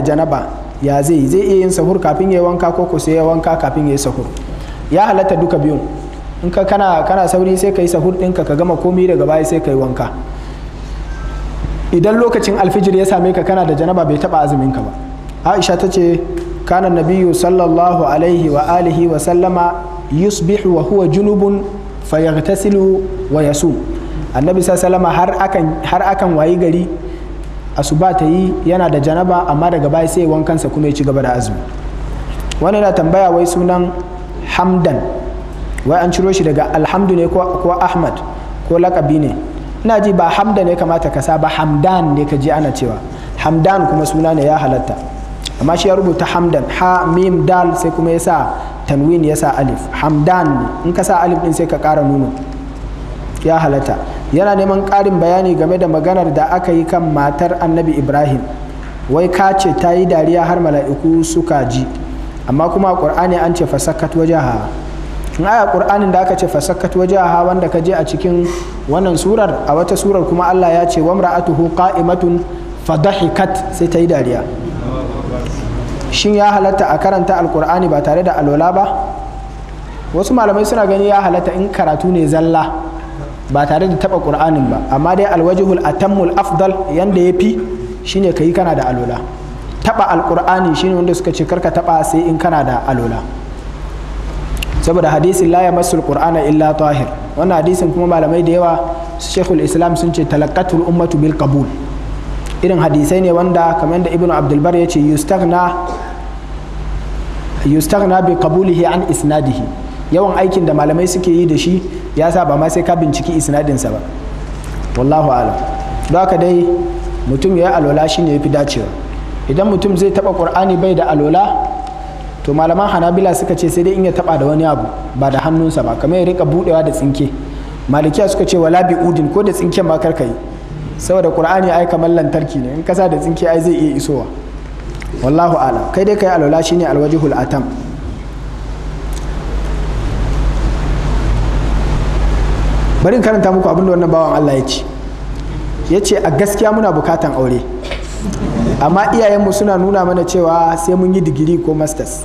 da janaba ya zai zai iya yin sahur kafin ya yi wanka ko ko sai ya wanka kafin ya yi sahur ya halatta duka biyun in ka kana kana sauri sai ka yi sahur ɗinka ka gama komi daga baya sai ka yi wanka idan lokacin alfijir ya same ka kana da janaba bai taba azumin ka ba aisha ta ce kana nabiyyu sallallahu alaihi wa alihi wa sallama yusbihu wa huwa junubun fayaghtasilu wa yasum annabi sallallahu har akan har akan wayi gari asuba ta yi yana da janaba amma daga baya sai wankansa kuma ya ci gaba da azumi wani na tambaya wai sunan hamdan wai an ciro shi daga alhamdu ne ko ahmad ko lakabi ne ina ji ba hamdan ne kamata ka sa ba hamdan ne ka ji ana cewa hamdan kuma suna ne ya halatta amma shi ya rubuta hamdan ha mim dal sai kuma ya sa tanwin ya sa alif hamdan ne in ka sa alif din sai ka kara nuno ya halatta yana neman ƙarin bayani game da maganar da aka yi kan matar annabi ibrahim wai ka ce ta yi dariya har mala'iku suka ji amma kuma a ƙur'ani an ce fasakat wajaha in aya ƙur'anin da aka ce fasakat wajaha wanda ka je a cikin wannan surar a wata surar kuma Allah ya ce wa imra'atuhu qa'imatun fadahikat sai ta yi dariya shin ya halatta a karanta alƙur'ani ba tare da alola ba wasu malamai suna gani ya halatta in karatu ne zalla ba tare da taɓa qur'anin ba amma dai alwajihul atammul afdal yanda ya fi shine yi kana da alola taɓa alqur'ani shine wanda suka ce karka taɓa sai in kana da alola saboda hadisin la yamassul qur'ana illa tahir wannan hadisin kuma malamai da yawa shekul islam sun ce talakatul ummatu bil qabul irin hadisai ne wanda kamar da ibnu abdulbar bar yace yustaghna yustaghna bi qabulihi an isnadihi yawan aikin da malamai suke yi da shi ya sa ba ma sai ka binciki isnadinsa ba wallahu alam don haka dai mutum ya yi alola shi ne ya fi dacewa idan mutum zai taɓa ƙur'ani bai da alola to malaman hanabila suka ce sai dai in ya taba da wani abu ba da hannunsa ba kamar ya rika buɗewa da tsinke malikiya suka ce wala bi udin ko da tsinken ma karka yi saboda qur'ani ai kamar lantarki ne in kasa da tsinke ai zai iya isowa wallahu alam kai dai kai alwala shine alwajihul atam bari in karanta muku abin da wannan bawan Allah ya ce ya ce a gaskiya muna bukatan aure amma iyayenmu suna nuna mana cewa sai mun yi digiri ko masters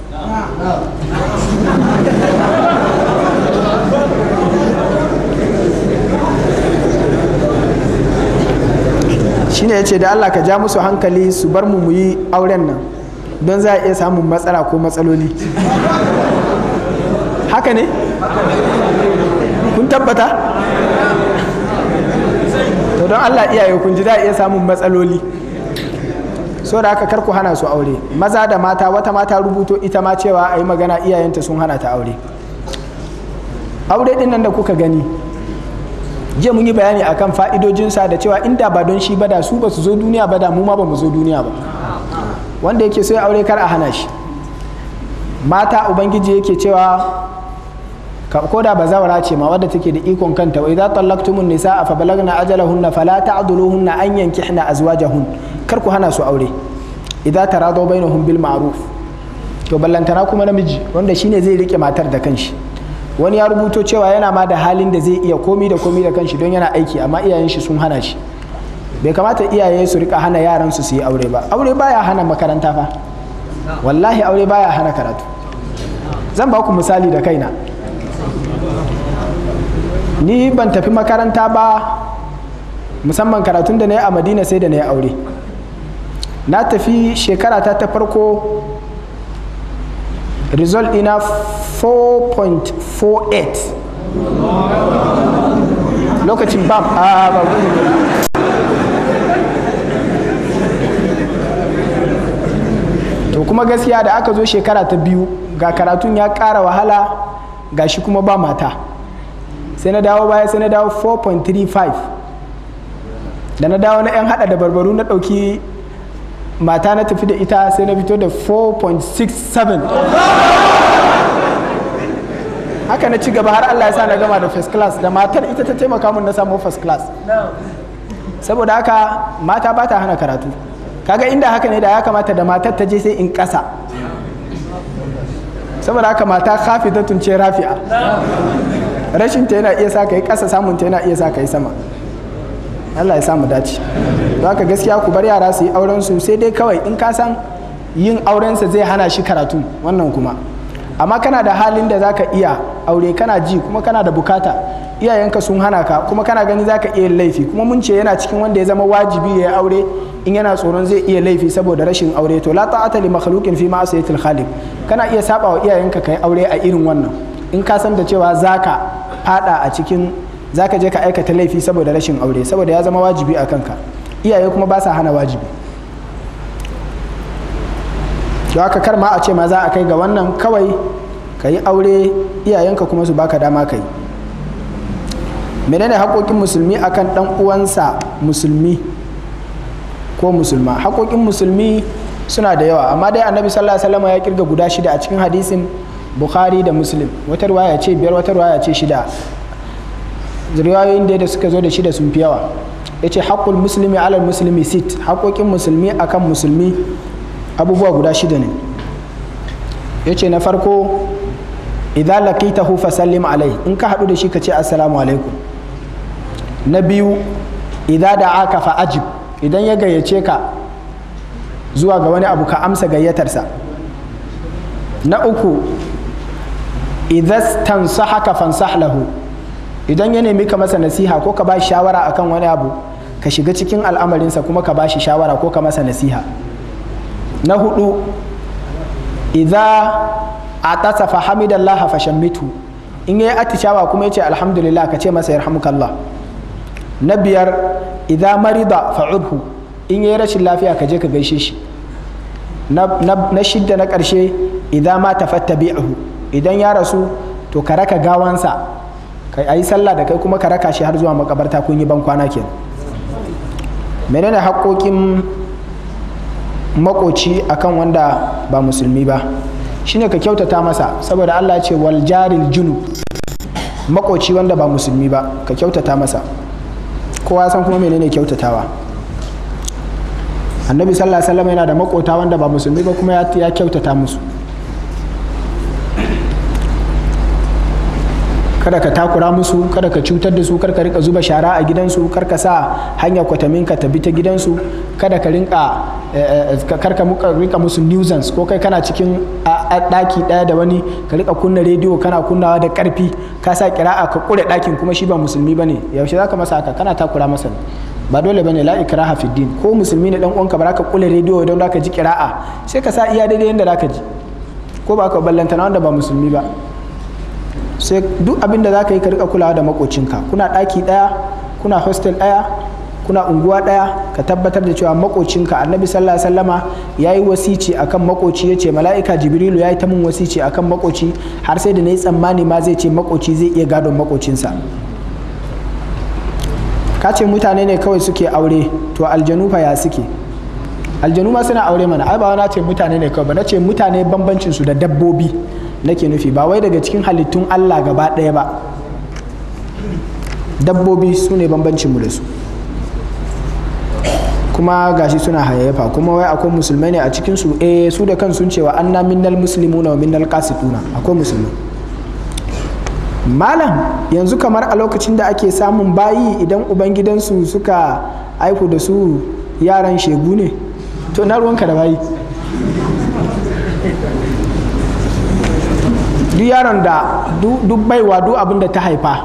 shine ya ce da Allah ka ja musu hankali su bar mu yi auren nan don za a iya samun matsala ko matsaloli haka ne kun tabbata to don allah iyaye kun ji za a iya samun matsaloli so da haka kar ku hana su aure maza da mata wata mata rubuto ita ma cewa a yi magana iyayenta sun hana ta aure aure din nan da kuka gani jiya mun yi bayani akan fa'idojinsa da cewa inda ba don shi ba da su ba su zo duniya ba da mu ma ba mu zo duniya ba wanda yake so ya aure kar a hana shi mata ubangiji yake cewa ko da bazawara ce ma wadda take da ikon kanta wa idza tallaqtumun nisaa fa balagna ajalahunna fala ta'duluhunna an yankihna azwajahun kar ku hana su aure idza taradaw bainahum bil ma'ruf to ballantana kuma namiji wanda shine zai rike matar da kanshi wani ya rubuto cewa yana ma da halin da zai iya komi da komi da kanshi don yana aiki amma iyayen shi sun hana shi bai kamata iyaye su rika hana yaran su su yi aure ba aure baya hana makaranta fa wallahi aure baya hana karatu zan ba ku misali da kaina ni ban tafi makaranta ba musamman karatun da na yi a madina sai da na yi aure na tafi shekara ta ta farko result ina 4.48 lokacin bam a babu to kuma gaskiya da aka zo shekara ta biyu ga karatun ya kara wahala ga shi kuma ba mata sai na dawo baya sai na dawo 4.35 da na dawo na 'yan hada da barbaru na ɗauki mata na tafi da ita sai na fito da 4.67 haka na ci gaba har Allah ya sa na gama da first class da matar ita ta taimaka mun na samu first class saboda haka mata ba ta hana karatu kaga inda haka ne da ya kamata da matar ta je sai in kasa saboda haka mata kafi ta tunce rafi'a rashin ta yana iya sa ka yi ƙasa samun ta yana iya sa ka yi sama Allah ya samu dace za ka gaskiya ku bar yara su yi auren su sai dai kawai in ka san yin aurensa zai hana shi karatu wannan kuma amma kana da halin da zaka iya aure kana ji kuma kana da bukata iyayenka sun hana ka kuma kana gani zaka ka iya laifi kuma mun ce yana cikin wanda ya zama wajibi ya aure in yana tsoron zai iya laifi saboda rashin aure to la ta'ata li makhluqin fi ma'asiyatil khaliq kana iya saba wa iyayenka kai aure a irin wannan in ka san da cewa zaka fada a cikin zaka je ka aikata laifi saboda rashin aure saboda ya zama wajibi a kanka iyaye kuma ba sa hana wajibi to haka kar ma a ce ma za a kai ga wannan kawai ka yi aure iyayenka kuma su baka dama ka yi menene haƙoƙin musulmi akan ɗan uwansa musulmi ko musulma haƙoƙin musulmi suna da yawa amma dai annabi sallallahu alaihi wasallam ya kirga guda shida a cikin hadisin bukhari da muslim wata waya ce biyar wata waya ce shida riwayoyin da da suka zo da shida sun fi yawa ya ce haƙƙul musulmi alal musulmi sit haƙƙoƙin musulmi akan musulmi abubuwa guda shida ne ya ce na farko idza laqitahu fasallim alai in ka haɗu da shi ka ce assalamu alaikum na biyu idza da'aka fa ajib idan ya gayyace ka zuwa ga wani abu ka amsa gayyatarsa na uku idan haka fansah lahu idan ya nemi ka masa nasiha ko ka ba shi shawara akan wani abu ka shiga cikin al'amarinsa kuma ka ba shi shawara ko ka masa nasiha na hudu idza atasa fa hamidallaha in yayi atishawa kuma yace alhamdulillah ka ce masa yarhamukallah na biyar idza marida fa udhu in yi rashin lafiya ka je ka gaishe shi na shidda na karshe idza ma tafattabi'hu idan ya rasu to ka raka gawansa ka yi sallah da kai kuma ka raka shi har zuwa makabarta kun yi ban kwana kenan menene haƙoƙin makoci akan wanda ba musulmi ba shine ka kyautata masa saboda Allah ce wal jaril junu makoci wanda ba musulmi ba ka kyautata masa kowa san kuma menene kyautatawa annabi sallallahu alaihi wasallam yana da makota wanda ba musulmi ba kuma ya kyautata musu kada ka takura musu kada ka cutar da su kada ka rika zuba shara a gidansu kar ka sa hanya kwatamin ka ta bi ta gidansu kada ka rinka eh, eh, kar ka rika musu nuisance ko kai kana cikin daki daya da wani ka rika kunna rediyo kana kunnawa da karfi ka sa kira'a ka kure dakin kuma shi ba musulmi bane yaushe zaka masa haka kana takura masa ba dole bane la ikraha fi din ko musulmi ne dan ka ba ka kule rediyo don ka ji kira'a sai ka sa iya daidai yanda zaka ji ko ba ka ballantana wanda ba musulmi ba sai duk abin da za ka yi ka rika kulawa da makocinka kuna ɗaki ɗaya kuna hostel ɗaya kuna unguwa ɗaya ka tabbatar da cewa makocinka annabi sallallahu alaihi wasallama ya yi wasici akan makoci ya ce mala'ika jibrilu ya yi ta min wasici akan makoci har sai da na yi tsammani ma zai ce makoci zai iya gadon makocinsa ka ce mutane ne kawai suke aure to aljanu fa ya suke aljanu ma suna aure mana ai ba na ce mutane ne kawai ba na ce mutane bambancin su da dabbobi nake nufi ba wai daga cikin halittun Allah gaba ɗaya ba dabbobi su ne mu da su kuma gashi suna hayayyafa kuma wai akwai musulmai ne a cikinsu eh su da kan sun cewa anna minnal muslimuna wa minnal qasituna akwai musulmai malam yanzu kamar a lokacin da ake samun bayi idan ubangidansu suka aiku da su yaran shegu ne to na ruwanka da bayi duk yaron da duk baiwa duk abin da ta haifa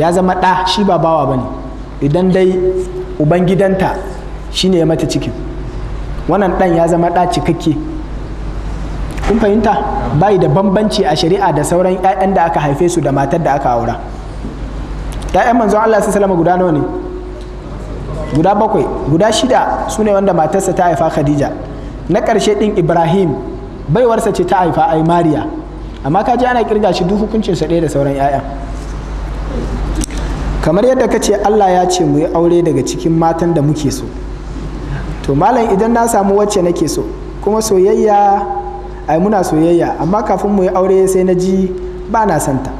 ya zama ɗa shi ba bawa ba ne idan dai ubangidanta shi ne ya mata cikin wannan ɗan ya zama ɗa cikakke kun fahimta bai da bambanci a shari'a da sauran 'ya'yan da aka haife su da matar da aka aura 'ya'yan manzon Allah su salama guda nawa ne guda bakwai guda shida su ne wanda matarsa ta haifa khadija na ƙarshe ɗin ibrahim baiwarsa ce ta haifa ai mariya amma ka ji ana kirga shi duk hukuncin sa ɗaya da sauran 'ya'ya kamar yadda ka ce Allah ya ce mu yi aure daga cikin matan da muke so to malam idan na samu wacce nake so kuma soyayya ai muna soyayya amma kafin mu yi aure sai na ji ba na santa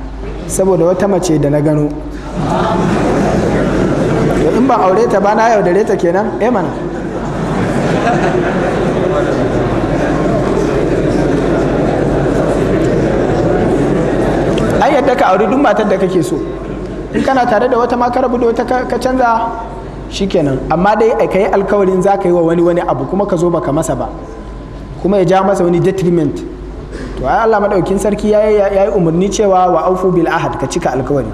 saboda wata mace da na gano to in ban aure ta ba na yaudare ta kenan eh mana yadda ka auri duk matar da kake so in kana tare da wata maka ka rabu wata ka canza shi kenan amma dai ka yi alkawarin za ka yi wa wani wani abu kuma ka zo baka masa ba kuma ya ja masa wani detriment to ai Allah madaukin sarki ya yi umarni cewa wa aufu bil ahad ka cika alkawari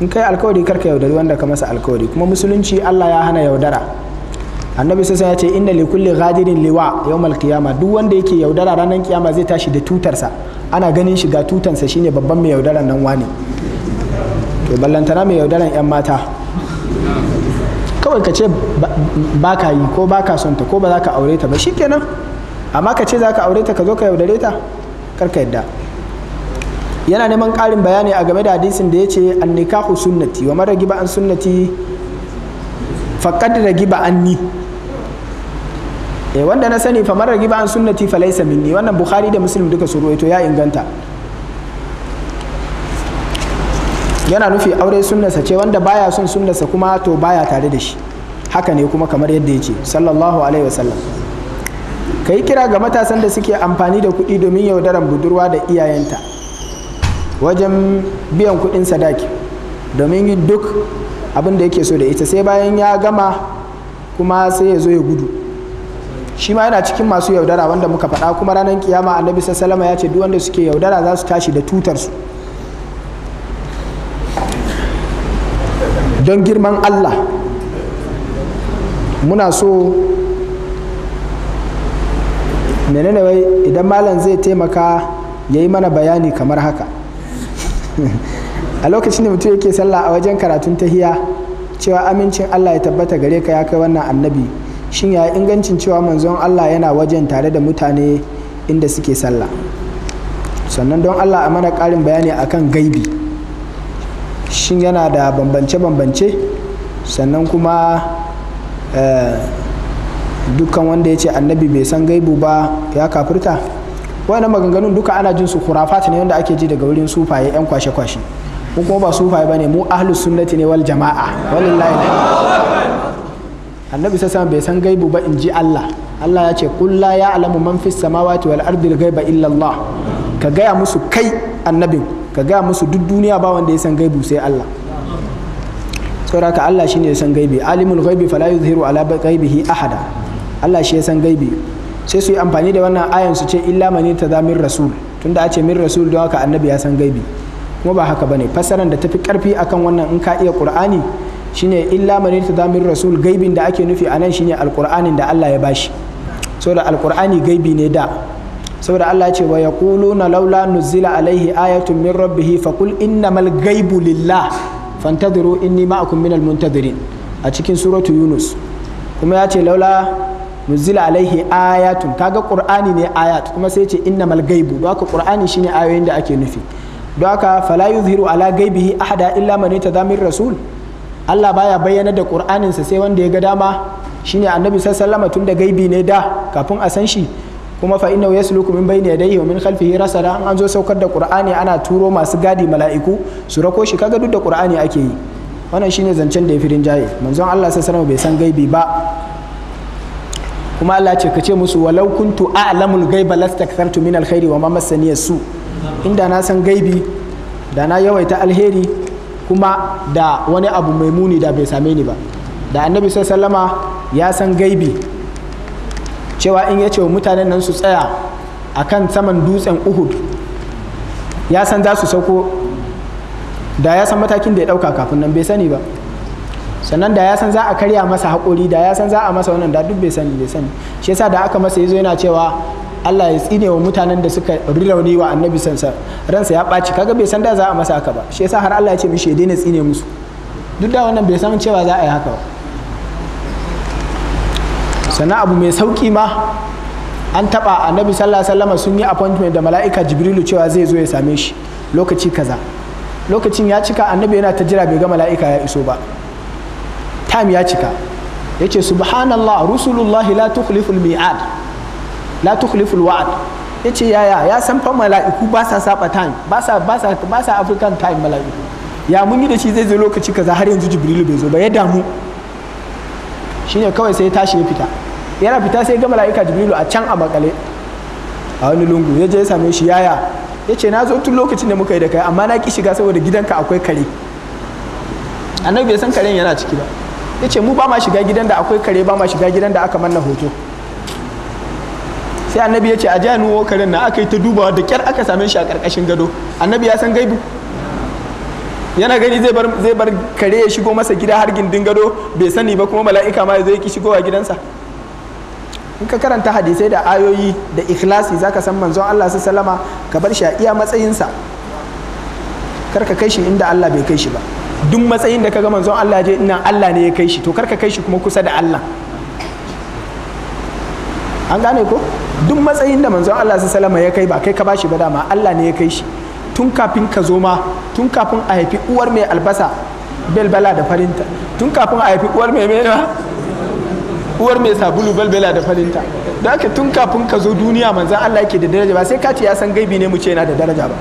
in kai alkawari ka yaudari wanda ka masa alkawari kuma musulunci Allah ya hana yaudara annabi sai ya ce inna li kulli ghadirin liwa yawmal qiyamah duk wanda yake yaudara ranar kiyama zai tashi da tutarsa ana ganin shi ga tutansa shine babban mai yaudaran nan wani to ballantana mai yaudaran yan mata kawai ka ce ba ka yi ko ba ka son ta ko ba za ka aure ta ba shikenan amma ka ce za ka aure ta ka zo ka yaudare ta karka yadda yana neman karin bayani a game da hadisin da ya ce an nikahu sunnati wa mara giba an sunnati faƙad an ni e eh, wanda na sani fa marar giba an sunnati fa laysa minni wannan bukhari da muslim duka su ruwaito ya inganta yana nufi aure sunnasa ce wanda baya son sunnasa kuma to baya tare da shi haka ne kuma kamar yadda ya ce sallallahu alaihi wasallam ka yi kira ga matasan da suke amfani da kuɗi domin yaudaran budurwa da iyayenta wajen biyan kuɗin sadaki domin duk abin da yake so da ita sai bayan ya gama kuma sai ya zo ya gudu shi ma yana cikin masu yaudara wanda muka faɗa kuma ranar kiyama annabi sallama ya ce duk wanda suke yaudara za su tashi da tutar su don girman allah muna so menene wai idan malam zai taimaka ya yi mana bayani kamar haka a lokacin da mutum yake sallah a wajen karatun tahiya cewa amincin Allah ya tabbata gare ka ya kai wannan annabi shin ya ingancin cewa manzon Allah yana wajen tare da mutane inda suke sallah sannan don Allah a mana ƙarin bayani akan gaibi shin yana da bambance-bambance sannan kuma eh, dukkan wanda ya ce annabi bai san gaibu ba ya kafurta wani maganganun duka ana jin su fata ne wanda ake ji daga wurin sufaye 'yan kwashe-kwashe mu kuma ba ba bane mu ahlus sunnati ne wal jama'a wallahi annabi sassan bai san gaibu ba in ji Allah Allah ya ce kulla ya alamu man fis samawati wal al ghaiba illa Allah ka gaya musu kai annabin ka gaya musu duk duniya ba wanda ya san gaibu sai Allah saboda Allah shine ya san gaibi alimul gaibi fala yuzhiru ala ghaibihi ahada Allah shi ya san gaibi sai su yi amfani da wannan ayan su ce illa man tadamin rasul tunda a ce min rasul don haka annabi ya san gaibi kuma ba haka bane fasaran da tafi karfi akan wannan in ka iya qur'ani shine illa man yatadamir rasul gaibin da ake nufi anan shine alqur'anin da Allah ya bashi saboda alqur'ani gaibi ne da saboda Allah ya ce wa yaquluna laula nuzila alaihi ayatu min rabbih qul innamal ghaibu lillah fantadiru inni ma'akum minal muntadirin a cikin suratu yunus kuma ya ce laula nuzila alaihi ayatun kaga qur'ani ne ayat kuma sai ce innamal ghaibu baka ka qur'ani shine ayoyin da ake nufi don haka fala yuzhiru ala gaibihi ahada illa man zamin rasul Allah baya bayyana da Qur'aninsa sai wanda ya ga dama shine annabi sallallahu alaihi tun da gaibi ne da kafin a san shi kuma fa lukumin yasluku min bayni yadayhi wa min khalfihi rasada an zo saukar da qur'ani ana turo masu gadi mala'iku su rako shi kaga duk da qur'ani ake yi wannan shine zancen da ya firin jaye manzon Allah sallallahu alaihi bai san gaibi ba kuma Allah ce ka ce musu walau kuntu a'lamul gaiba lastakthartu min alkhairi wa ma su inda na san gaibi da na yawaita alheri kuma da wani abu mai muni da bai same ni ba da annabi sallama ya san gaibi cewa in ya ce mutanen nan su tsaya a kan saman dutsen uhud ya san za su sauko da ya san matakin da ya ɗauka kafin nan bai sani ba sannan da ya san za a karya masa haƙori da ya san za a masa wannan da duk bai sani bai sani shi yasa da aka masa yazo yana cewa Allah ya tsine wa mutanen da suka rauni wa annabi sansa ransa ya ɓaci kaga bai san da za a masa haka ba shi yasa har Allah ya ce mishi ya daina tsine musu duk da wannan bai san cewa za a yi haka ba sannan abu mai sauki ma an taɓa annabi sallallahu alaihi wasallam sun yi appointment da mala'ika jibrilu cewa zai zo ya same shi lokaci kaza lokacin ya cika annabi yana ta jira bai ga mala'ika ya iso ba time ya cika yace subhanallah rusulullahi la tukhliful mi'ad la tukhliful wa'd yace yaya ya san fa mala'iku ba sa saba time ba sa ba sa ba sa african time mala'iku ya mun yi da shi zai zo lokaci kaza har yanzu jibrilu bai zo ba ya damu shine kawai sai ya tashi ya fita yana fita sai ga mala'ika jibrilu a can a makale a wani lungu ya je ya same shi yaya yace na zo tun lokacin da muka yi da kai amma na ki shiga saboda gidanka akwai kare annabi bai san karen yana ciki ba yace mu ba ma shiga gidan da akwai kare ba ma shiga gidan da aka manna hoto sai annabi ya ce a jiya nuwo karen na aka yi ta dubawa da kyar aka same shi a karkashin gado annabi ya san gaibu yana gani zai bar kare ya shigo masa gida har gindin gado bai sani ba kuma mala'ika ma zai ki shigo a gidansa in ka karanta hadisai da ayoyi da ikhlasi zaka san manzon Allah salama ka bar shi a iya matsayinsa kar ka kai shi inda Allah bai kai shi ba duk matsayin da kaga manzon Allah je nan Allah ne ya kai shi to kar ka kai shi kuma kusa da Allah an gane ko duk matsayin da manzon Allah sallama ya kai ba kai ka bashi ba dama Allah ne ya kai shi tun kafin ka zo ma tun kafin a haifi uwar mai albasa belbela da farinta tun kafin a haifi uwar mai mena uwar mai sabulu belbela da farinta da haka tun kafin ka zo duniya manzon Allah yake da daraja ba sai ka ce ya san gaibi ne mu ce yana da daraja ba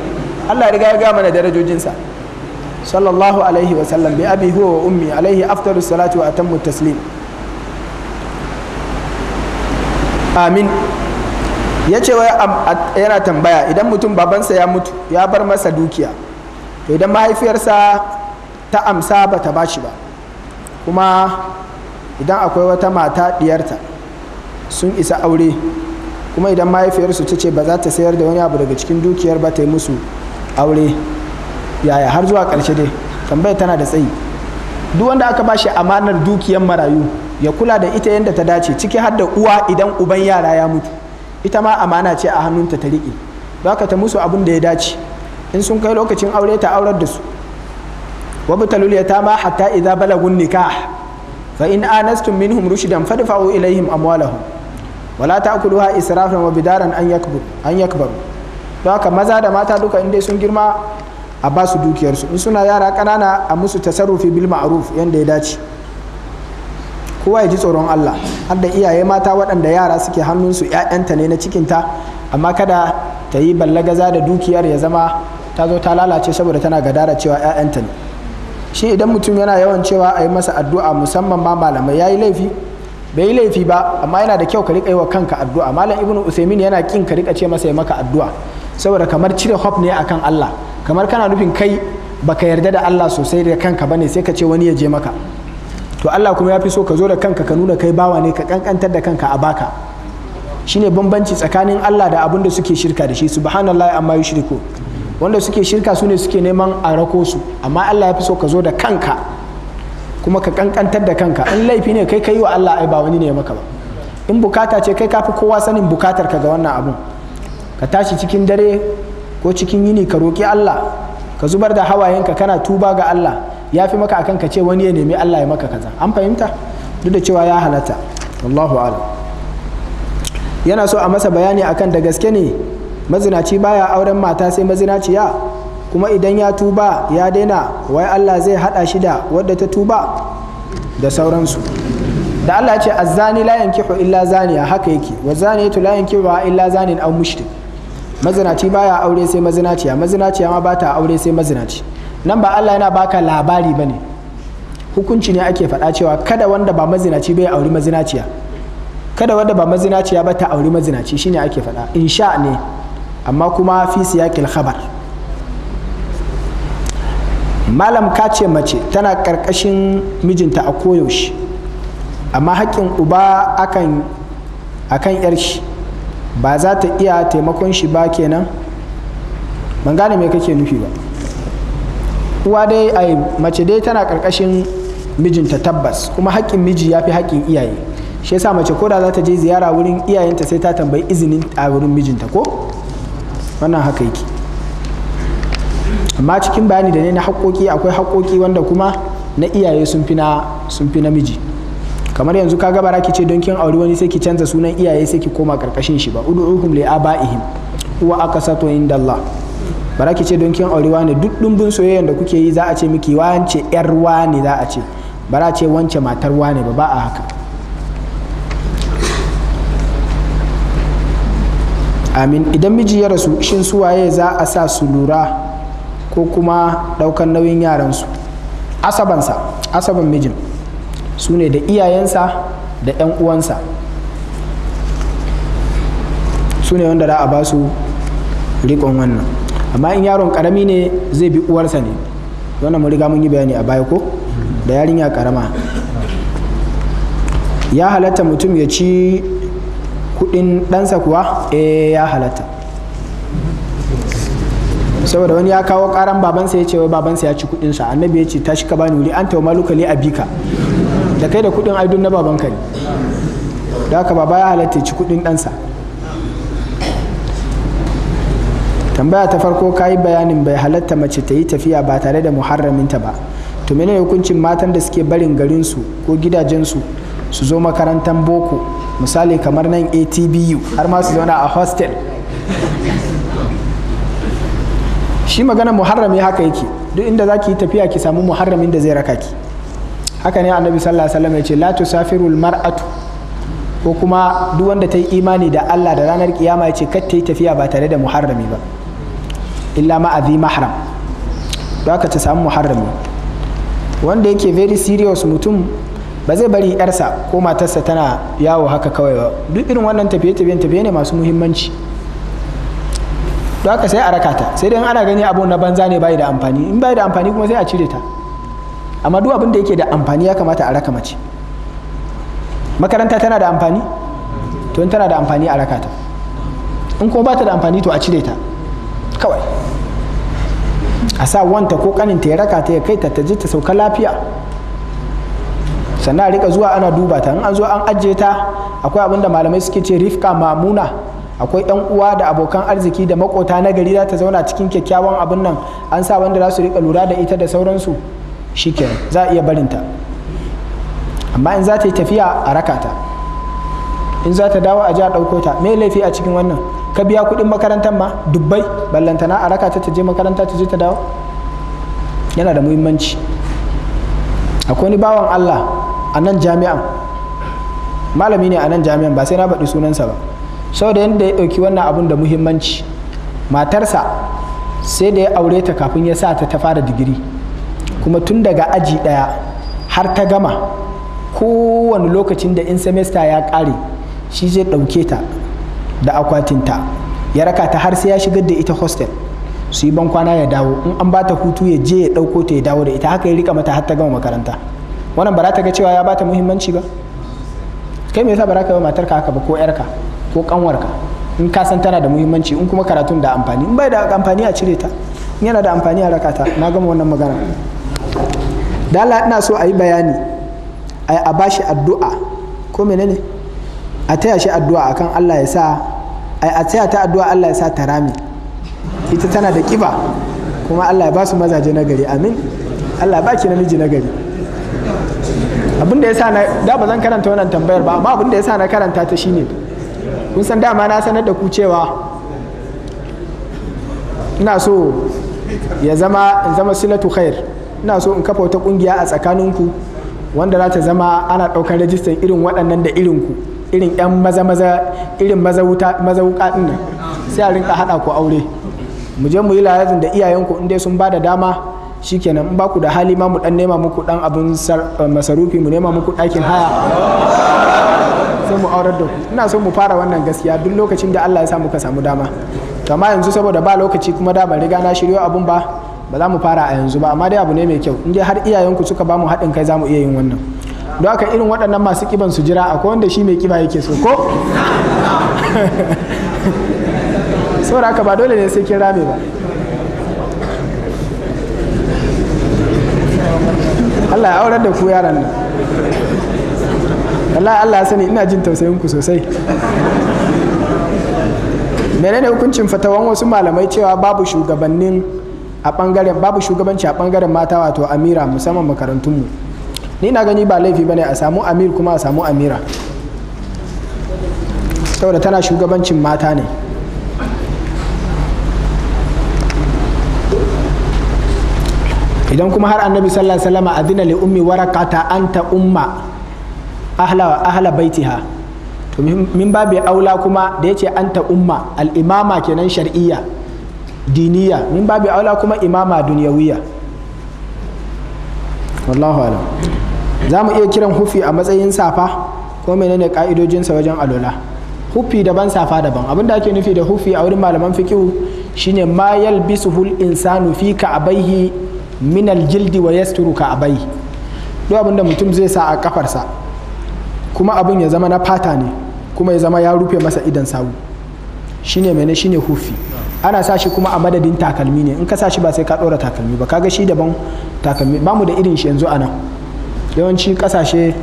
Allah ya riga ya ga mana darajojinsa sallallahu alaihi wa sallam bi abi huwa wa ummi alaihi afdalus salatu wa atammu taslim amin ya ce yana tambaya idan mutum babansa ya mutu ya bar masa dukiya to idan mahaifiyarsa ta amsa ba ta bashi ba kuma idan akwai wata mata diyarta sun isa aure kuma idan mahaifiyarsu ta ce ba za ta sayar da wani abu daga cikin dukiyar ba ta yi musu aure yaya har zuwa ƙarshe dai tambayar tana da tsayi duk wanda aka ba shi amanar dukiyar marayu ya kula da ita yadda ta dace ciki har da uwa idan uban yara ya mutu ita ma amana ce a hannunta ta riƙe ka ta musu abin da ya dace in sun kai lokacin aure ta aurar da su ta ma hatta idza balagun nikah fa in anastum minhum rushdan fadfa'u ilaihim amwalahum wala ta'kuluha israfan wa bidaran an yakbur an yakbaru ka maza da mata duka in dai sun girma a basu dukiyarsu in suna yara kanana a musu tasarrufi bil ma'ruf yanda ya dace kowa ya ji tsoron Allah har da iyaye mata waɗanda yara suke hannunsu ‘ya'yanta ne na cikinta amma kada ta yi ballagaza da dukiyar ya zama ta zo ta lalace saboda tana gadara cewa ‘ya'yanta ne shi idan mutum yana yawan cewa a yi masa addu'a musamman ma malamai ya yi laifi bai yi laifi ba amma yana da kyau ka riƙa yi wa kanka addu'a malam ibnu usaimin yana ƙin ka riƙa ce masa ya maka addu'a saboda kamar cire hof ne akan Allah kamar kana nufin kai baka yarda da Allah sosai da kanka bane sai ka ce wani ya je maka to Allah kuma ya fi so ka zo da kanka ka nuna kai bawa ne ka kankantar da kanka a baka shine bambanci tsakanin Allah da abin da suke shirka da shi subhanallahi amma yushriku wanda suke shirka su ne suke neman a rako su amma Allah ya fi so ka zo da kanka kuma ka kankantar da kanka in laifi ne kai kai wa Allah ai ba wani ne maka ba in bukata ce kai kafi kowa sanin bukatar ka ga wannan abun ka tashi cikin dare ko cikin yini ka roki Allah ka zubar da hawayenka kana tuba ga Allah ya fi maka akan ka ce wani ya nemi Allah ya maka kaza an fahimta duk da cewa ya halatta wallahu a'lam yana so a masa bayani akan da gaske ne mazinaci baya auren mata sai mazinaciya kuma idan ya tuba ya daina wai Allah zai hada shi da wadda ta tuba da sauransu da Allah ya ce azzani la yankihu illa zaniya haka yake wa zaniyatu la yankihu illa zanin aw mushrik mazinaci baya aure sai mazinaciya mazinaciya ma bata aure sai mazinaci nan ba Allah yana baka labari bane hukunci ne ake faɗa cewa kada wanda ba mazinaci bai auri mazinaciya kada wanda ba mazinaciya ba ta auri mazinaci shine ake faɗa insha ne amma kuma fi siyakil khabar malam ka ce mace tana karkashin mijinta a koyaushe amma haƙƙin uba akan akan yar shi ba za ta iya taimakon shi ba kenan ban gane me kake nufi ba uwa dai a mace dai tana karkashin mijinta tabbas kuma haƙƙin miji ya fi haƙƙin iyaye shi yasa mace koda za ta je ziyara wurin iyayenta sai ta tambayi izinin a wurin mijinta ko wannan haka yake amma cikin bayani da ne na haƙƙoƙi akwai haƙƙoƙi wanda kuma na iyaye sun fi na miji kamar yanzu ka ga ki ce don kin auri wani sai ki canza sunan iyaye sai ki koma karkashin shi ba udu'ukum li uwa aka aqsatu inda Allah bara ki ce don kin aure wani duk dumbin soyayyan da kuke yi za a ce miki wance yar wani za a ce bara ce wance matar wani ba ba a haka amin idan miji ya rasu shin su waye za a sa su lura ko kuma daukan nauyin yaransu asabansa asaban mijin su ne da iyayensa da 'yan uwansa su ne wanda za a ba su rikon wannan amma in yaron karami ne zai bi uwarsa ne wannan mun riga mun yi bayani a baya ko da yarinya karama ya halatta mutum ya ci kudin ɗansa kuwa eh ya halatta saboda wani ya kawo karan babansa ya ce wai babansa ya ci kudin sa annabi ya ce tashi ka bani wuri an ne a abika da kai da kudin aidun na babanka ne da haka baba ya halatta ci kudin ɗansa tambaya ta farko ka yi bayanin bai halatta mace ta yi tafiya ba tare da muharraminta ba to mene hukuncin matan da suke barin garin su ko gidajensu su zo makarantar boko misali kamar nan atbu har ma su zauna a hostel shi magana muharrami haka yake duk inda zaki yi tafiya ki samu muharramin da zai raka ki haka ne annabi sallallahu alaihi wasallam ya ce la tusafirul mar'atu ko kuma duk wanda ta yi imani da Allah da ranar kiyama ya ce kar ta yi tafiya ba tare da muharrami ba illa ma azi mahram don haka ta samu muharrami wanda yake very serious mutum ba zai bari yarsa ko matarsa tana yawo haka kawai ba duk irin wannan tafiye-tafiyen tafiye ne masu muhimmanci don haka sai a rakata sai dai ana gani abu na banza ne bai da amfani in bai da amfani kuma sai a cire ta amma duk abin da yake da amfani ya kamata a raka mace makaranta tana da amfani to in tana da amfani a rakata in kuma ba ta da amfani to a cire ta kawai a sa wanta ko kanin ta ya raka ta ya kai ta ta ji ta sauka lafiya sannan a rika zuwa ana duba ta in an zo an ajiye ta akwai abin da malamai suke ce rifka mamuna akwai yan uwa da abokan arziki da makota na gari za ta zauna cikin kyakkyawan abin nan an sa wanda za su rika lura da ita da sauransu shikenan za a iya barinta amma in za ta yi tafiya a raka ta in za ta dawo a ji a ɗauko ta me laifi a cikin wannan ka biya kuɗin makarantar ma dubbai ballantana a raka ta je makaranta ta je ta dawo yana da muhimmanci akwai wani bawan Allah a nan jami'an malami ne a nan jami'an ba sai na baɗi sunansa ba saboda yadda ya ɗauki wannan abun da muhimmanci matarsa sai da ya aure ta kafin ya sa ta ta fara digiri kuma tun daga aji ɗaya har ta gama kowane lokacin da in semesta ya ƙare shi zai ɗauke ta da akwatinta ya raka ta har sai ya shigar da ita hostel su yi bankwana ya dawo in an ba ta hutu ya je ya dauko ta ya dawo da ita haka ya rika mata har ta gama makaranta wannan ba za ta ga cewa ya bata muhimmanci ba kai me yasa ba za ka yi matarka haka ba ko yarka ko kanwarka in ka san tana da muhimmanci in kuma karatun da amfani in bai da amfani a cire ta in yana da amfani a raka ta na gama wannan magana da Allah ina so a yi bayani a bashi addu'a ko menene ne a taya shi addu'a akan Allah ya sa ai a taya ta addu'a Allah ya sa ta rami ita tana da kiba kuma Allah ya ba su mazaje na gari amin Allah ya baki namiji na gari abinda ya sa na da ba zan karanta wannan tambayar ba amma abinda ya sa na karanta ta shine kun san dama na sanar da ku cewa ina so ya zama in zama silatu khair ina so in kafa wata kungiya a tsakaninku wanda za ta zama ana daukar rajistan irin waɗannan da irinku irin yan maza maza irin maza wuta maza wuka din sai a rinka hada ku aure mu je mu yi lalazin da iyayenku ku sun bada dama shikenan in ba ku da hali ma mu dan nema muku dan abun eh, masarufi mu nema muku ɗakin haya sai mu aurar da ku ina so mu fara wannan gaskiya duk lokacin da Allah ya sa muka samu dama amma yanzu saboda ba lokaci kuma da ban riga na shiryo abun ba ba za mu fara a yanzu ba amma dai abu ne mai kyau in dai har iyayenku suka ba mu haɗin kai za mu iya yin wannan don haka irin waɗannan masu kiban su jira akwai wanda shi mai kiba yake so ko saboda haka ba dole ne sai kin rame ba Allah ya aurar da ku yaran nan Allah Allah ya sani ina jin tausayin ku sosai menene hukuncin fatawan wasu malamai cewa babu shugabannin a bangaren babu shugabanci a bangaren mata wato amira musamman makarantunmu mu ni na gani ba laifi bane a samu amir kuma a samu amira saboda tana shugabancin mata ne idan kuma har annabi sallallahu alaihi wasallam adina li ummi warakata anta umma ahla ahla baitiha to min babu aula kuma da yace anta umma al imama kenan shar'iyya diniya min babu aula kuma imama duniyawiya wallahu alam za mu iya kiran hufi a matsayin safa ko menene ka'idojinsa wajen alola hufi daban safa daban abin da ake nufi da hufi a wurin malaman fikihu shine ma yalbisuhul insanu fi ka'abaihi min al-jildi wa yasturu ka'abaihi duk abin da mutum zai sa a kafarsa kuma abin ya zama na fata ne kuma ya zama ya rufe masa idan sawu shine mene shine hufi ana sa shi kuma a madadin takalmi ne in ka sa shi ba sai ka ɗora takalmi ba kaga shi daban takalmi ba mu da irin shi yanzu anan. yawanci kasashe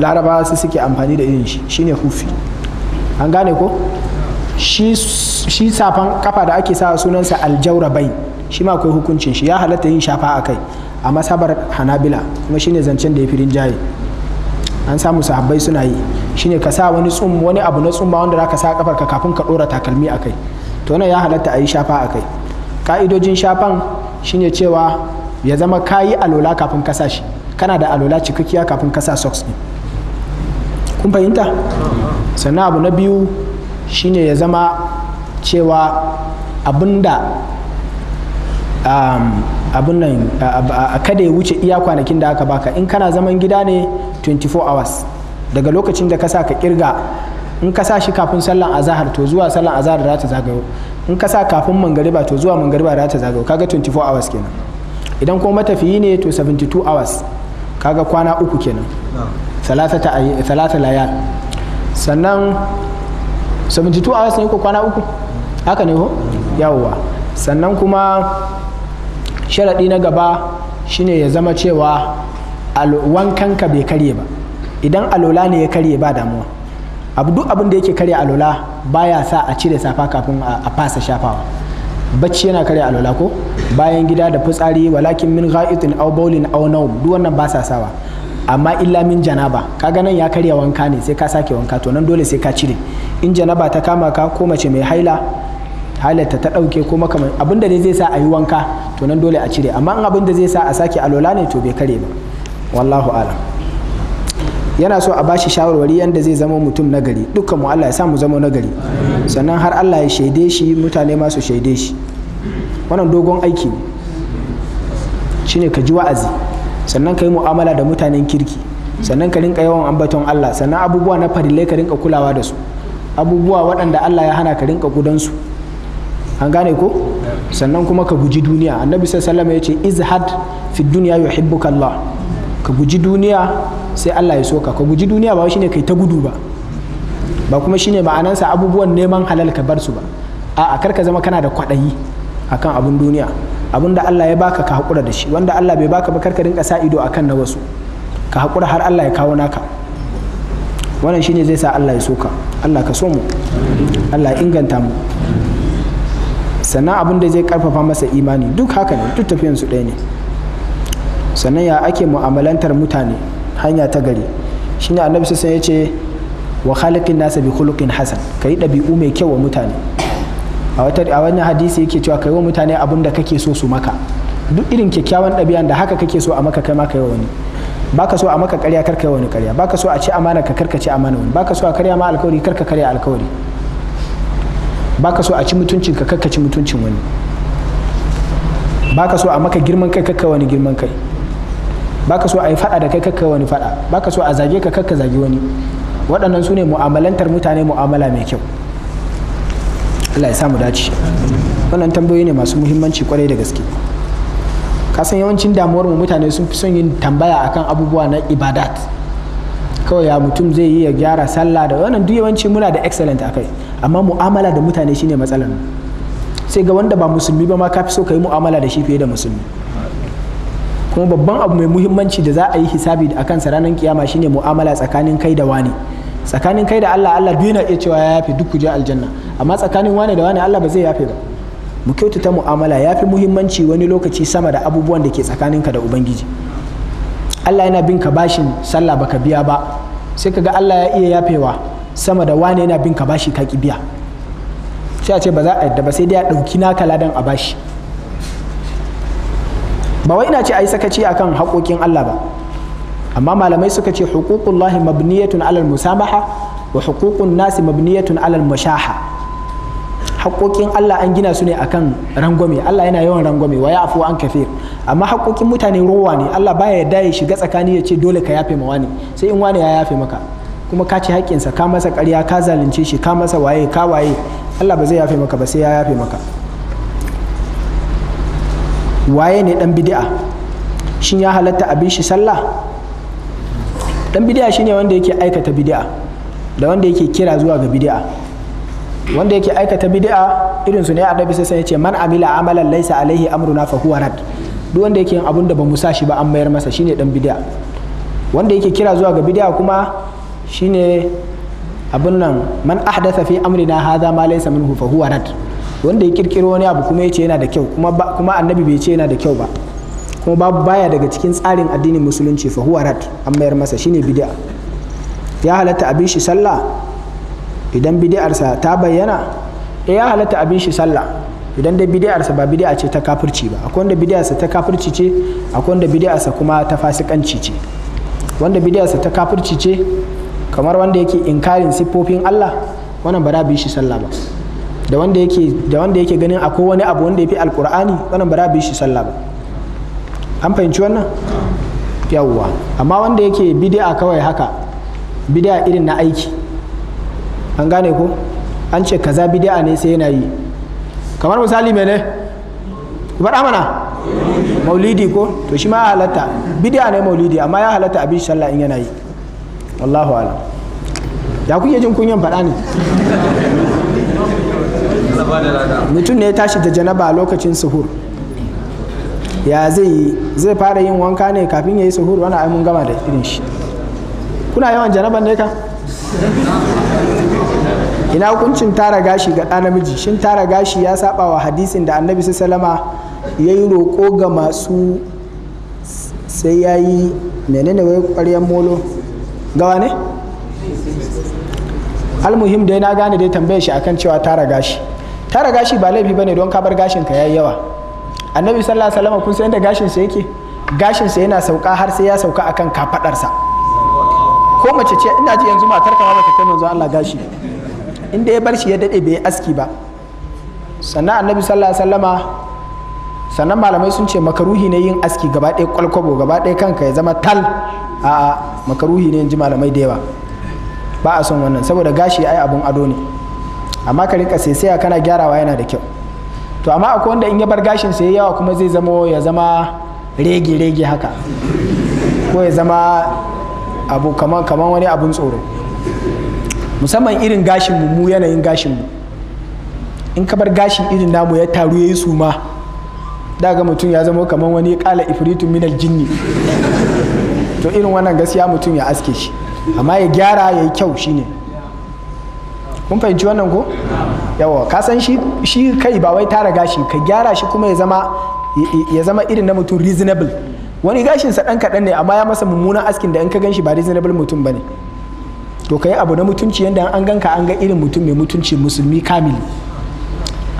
larabawa su suke amfani da irin shi shine hufi an gane ko shi safan kafa da ake sa sunansa aljaurabai shi ma akwai hukuncin shi ya halatta yin shafa a kai a masabar hanabila kuma shine zancen da ya firin jaye an samu sahabbai suna yi shine ka sa wani abu na tsumma wanda zaka sa kafar ka kafin ka dora takalmi a kai to ya halatta a yi shafa a kai ka'idojin shafan shine cewa ya zama kayi alola kafin ka sa shi kana da alola cikakkiya kafin ka sa socks ne kun fahimta sannan abu na biyu shine ya zama cewa abinda um, abin nan kada ya wuce iya kwanakin da aka baka in kana zaman gida ne 24 hours daga lokacin da ka sa ka kirga in ka sa shi kafin sallan azahar to zuwa sallan azahar za ta zagayo in ka sa kafin mangariba to zuwa mangariba za ta zagayo kaga 24 hours kenan idan kuma matafiyi ne to 72 hours kaga kwana uku kenan salasa layal sannan 72 hours ne ko kwana uku haka ne ho yawwa sannan kuma sharaɗi na gaba shine ya zama cewa wankanka bai karye ba idan alola ne ya karye ba damuwa abu duk abin da yake karya alola baya sa a cire safa kafin a fasa shafawa bacci yana karya alwala ko bayan gida da fitsari walakin min gha'itin aw bawlin aw nawm duk wannan ba sa sawa amma illa min janaba kaga nan ya karya wanka ne sai ka sake wanka to nan dole sai ka cire in janaba ta kama ka ko mace mai haila halarta ta ɗauke ko makaman abin da zai sa a yi wanka to nan dole a cire amma in abin da zai sa a sake alola ne to bai kare ba wallahu alam yana so a bashi shawarwari yadda zai zama mutum nagari dukkan mu Allah ya sa mu zama nagari sannan har Allah ya shaide shi mutane masu shaide shi wannan dogon aiki ne shine ka ji wa'azi sannan ka yi mu'amala da mutanen kirki sannan ka rinka yawan ambaton Allah sannan abubuwa na farilai ka rinka kulawa da su abubuwa waɗanda Allah ya hana ka rinka gudansu an gane ko sannan kuma ka guji duniya annabi sallallahu alaihi wasallam ya ce izhad fi dunya yuhibbuka Allah ka guji duniya sai Allah ya soka ka guji duniya ba shine kai ta gudu ba ba kuma shine sa abubuwan neman halal ka bar su ba a'a kar ka zama kana da kwaɗayi akan abun duniya abun da Allah ya baka ka haƙura da shi wanda Allah bai baka ba karka rinka sa ido akan na wasu ka haƙura har Allah ya kawo naka wannan shine zai sa Allah ya soka Allah ka so mu Allah ya inganta mu sannan abin da zai karfafa masa imani duk haka ne duk su ɗaya ne sannan ya ake mu'amalantar mutane hanya ta gari shine annabi sai ya ce wa khaliqin nasa bi khuluqin hasan kai ɗabi'u mai kyau wa mutane a wata a wannan hadisi yake cewa kai wa mutane abin da kake so su maka duk irin kyakkyawan ɗabi'an da haka kake so a maka kai ma kai wa wani baka so a maka ƙarya kar kai wani ƙarya baka so a ci amana ka kar ka ci amana wani baka so a karya ma alkawari kar ka karya alkawari baka so a ci mutuncin ka kar ka ci mutuncin wani baka so a maka girman kai kar ka wani girman kai baka so a yi fada da kai kakka wani fada baka so a zage ka kakka zage wani waɗannan su ne mu'amalantar mutane mu'amala mai kyau Allah ya samu dace wannan tambayoyi ne masu muhimmanci kwarai da gaske kasan yawancin damuwar mu mutane sun fi son yin tambaya akan abubuwa na ibadat kawai ya mutum zai yi ya gyara sallah da wannan duk yawanci muna da excellent akai amma mu'amala da mutane shine matsalar sai ga wanda ba musulmi ba ma ka fi so ka yi mu'amala da shi fiye da musulmi kuma babban abu mai muhimmanci da za a yi hisabi a kan ranar kiyama shine mu'amala tsakanin kai da wani tsakanin kai da Allah Allah duk yana iya cewa ya yafe duk kuje aljanna amma tsakanin wani da wani Allah ba zai yafe ba mu kyautata mu'amala yafi muhimmanci wani lokaci sama da abubuwan da ke tsakaninka da ubangiji Allah yana bin ka bashin sallah baka biya ba sai kaga Allah ya iya yafewa sama da wani yana bin ka bashi ka ki biya sai a ce ba za a yadda ba sai dai a dauki naka ladan a bashi ba wai ina ce ai sakaci akan haƙoƙin Allah ba amma malamai suka ce huququllahi mabniyatun alal musamaha wa hukukun nasi mabniyatun alal mashaha haƙoƙin Allah an gina su ne akan rangwame Allah yana yawan rangwame wa yafu an kafir amma haƙoƙin mutane rowa ne Allah baya yarda ya shiga tsakani ya ce dole ka yafe ma wani sai in wani ya yafe maka kuma ka ci haƙƙinsa ka masa ƙarya ka zalunce shi ka masa waye ka waye Allah ba zai yafe maka ba sai ya yafe maka waye ne dan bid'a shin ya halatta abin shi sallah dan bid'a shine wanda yake aikata bid'a da wanda yake kira zuwa ga bid'a wanda yake aikata bid'a irin su ne annabi sai ya ce man amila amalan laysa alaihi amruna fa huwa rad duk wanda yake yin abun da bamu sashi ba an mayar masa shine dan bid'a wanda yake kira zuwa ga bid'a kuma shine abun nan man ahdatha fi amrina hadha ma laysa minhu fa huwa rad wanda ya kirkiro wani abu kuma ya ce yana da kyau kuma annabi bai ce yana da kyau ba kuma babu baya daga cikin tsarin addinin musulunci fa huwa rad an mayar masa shine bid'a ya halatta abin shi sallah idan sa ta bayyana eh ya halatta abin shi sallah idan bid'ar sa ba bid'a ce ta kafirci ba akwai wanda sa ta kafirci ce akwai wanda sa kuma ta fasikanci ce wanda sa ta kafirci ce kamar wanda yake inkarin siffofin Allah wannan ba za bi shi sallah ba da wanda yake da wanda yake ganin akwai wani abu wanda ya fi alkur'ani wannan ba bi shi sallah ba an fahimci wannan yawwa amma wanda yake bid'a kawai haka bid'a irin na aiki an gane ko an ce kaza bid'a ne sai yana yi kamar misali mene ku faɗa mana maulidi ko to shi ma ya halatta bid'a ne maulidi amma ya halatta abin sallah in yana yi wallahu alam ya kuke jin kunyan faɗa ne mutum ne ya tashi da janaba lokacin suhur ya zai yi zai fara yin wanka ne kafin ya yi suhur wani ai mun gama da irin shi kuna yawan janaban ne ka ina hukuncin tara gashi ga ɗan namiji shin tara gashi ya saba wa hadisin da annabi su salama ya yi roƙo ga masu sai ya yi menene wai ƙwaryen molo gawa ne almuhim dai na gane dai tambaye shi akan cewa tara gashi tara gashi ba laifi bane don ka bar gashin ka yayi yawa annabi sallallahu alaihi wasallam kun san inda gashin sa yake gashin sa yana sauka har sai ya sauka akan kafadar sa ko mace ce ina ji yanzu matar ka ma ta kai manzo Allah gashi inda ya bar shi ya dade bai aski ba sannan annabi sallallahu alaihi wasallama sannan malamai sun ce makaruhi ne yin aski gaba ɗaya kwalkwabo gaba ɗaya kanka ya zama tal a makaruhi ne yanzu ji malamai da yawa ba a son wannan saboda gashi ai abun ado ne amma ka rinka saisaya kana gyarawa yana da kyau to amma akwai wanda in ya bar gashin sai yawa kuma zai zama ya zama rege rege haka ko ya zama abu kaman wani abun tsoro musamman irin gashin mu yanayin gashin mu in ka bar gashin irin namu ya taru yayi suma daga mutum ya zama kaman wani kala ifritun minal jinni to irin wannan gaskiya mutum ya aske shi amma ya gyara ya yi kyau shine kun fahimci wannan ko yawa ka san shi kai ba wai tara gashi ka gyara shi kuma ya zama ya zama irin na mutum reasonable wani gashin sa dan kadan ne amma ya masa mummunan askin da in ka ganshi ba reasonable mutum bane to kai abu na mutunci yanda an ganka an ga irin mutum mai mutunci musulmi kamili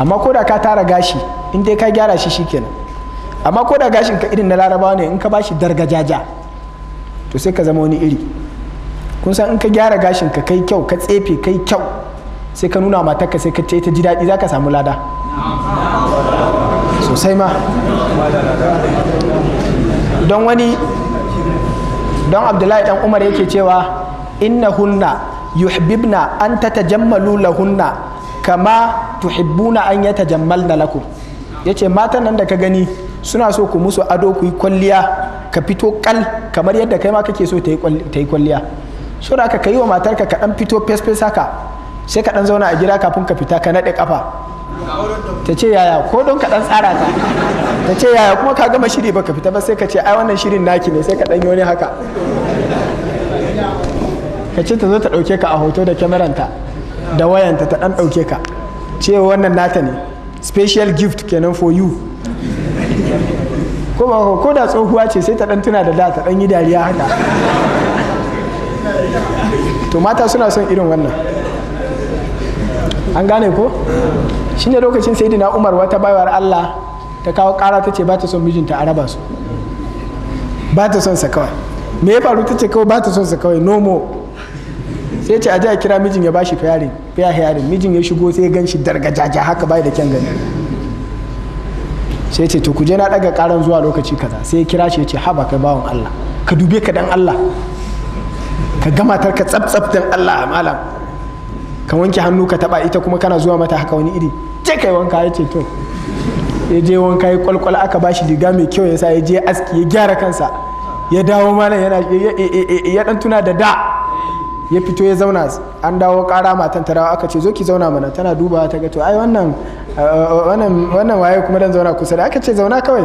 amma ko da ka tara gashi in dai ka gyara shi shikenan amma ko da gashin ka irin na larabawa ne in ka bashi dargajaja to sai ka zama wani iri kun san in ka gyara gashin ka kai kyau ka tsefe kai kyau sai ka nuna matarka sai ka ce ta ji daɗi za ka samu lada sosai ma don wani don abdullahi dan umar yake cewa inna hunna yuhibbibna an ta tatajammalu lahunna kama tuhibbuna an na lakum yace matan nan da ka gani suna so ku musu ado ku yi kwalliya ka fito kal kamar yadda kai ma kake so ta yi kwalliya so da aka kai wa matarka ka dan fito fes haka sai ka dan zauna a gida kafin ka fita ka naɗe kafa ta ce yaya ko don ka dan tsara ta ta ce yaya kuma ka gama shiri baka fita ba sai ka ce ai wannan shirin naki ne sai ka dan yi wani haka ka ce ta zo ta ɗauke ka a hoto da kyamaranta da wayanta ta ɗan ɗauke ka ce wannan nata ne special gift kenan for you ko ba ko da tsohuwa ce sai ta ɗan tuna da da ta ɗan yi dariya haka to mata suna son irin wannan an gane ko shine lokacin sayyidina umar wata baiwar allah ta kawo kara ta ce ba ta son mijinta a raba su ba ta son sa kawai me ya faru ta ce kawai ba ta son sa kawai nomo sai ce a a kira mijin ya bashi fiyarin fiya hiyarin mijin ya shigo sai ya gan shi dargajaja haka bai da kyan gani sai ce to ku je na daga karan zuwa lokaci kaza sai ya kira shi ya ce haba kai bawon allah ka dube ka dan allah ka gama ka tsaf tsaf dan allah malam ka wanke hannu ka taba ita kuma kana zuwa mata haka wani iri je kai wanka ya ce to ya je wanka ya kwalkwal aka bashi riga mai kyau ya sa ya je aski ya gyara kansa ya dawo mana yana ya dan tuna da da ya fito ya zauna an dawo kara matan ta aka ce zo ki zauna mana tana dubawa ta ga to ai wannan wannan waye kuma dan zauna kusa da aka ce zauna kawai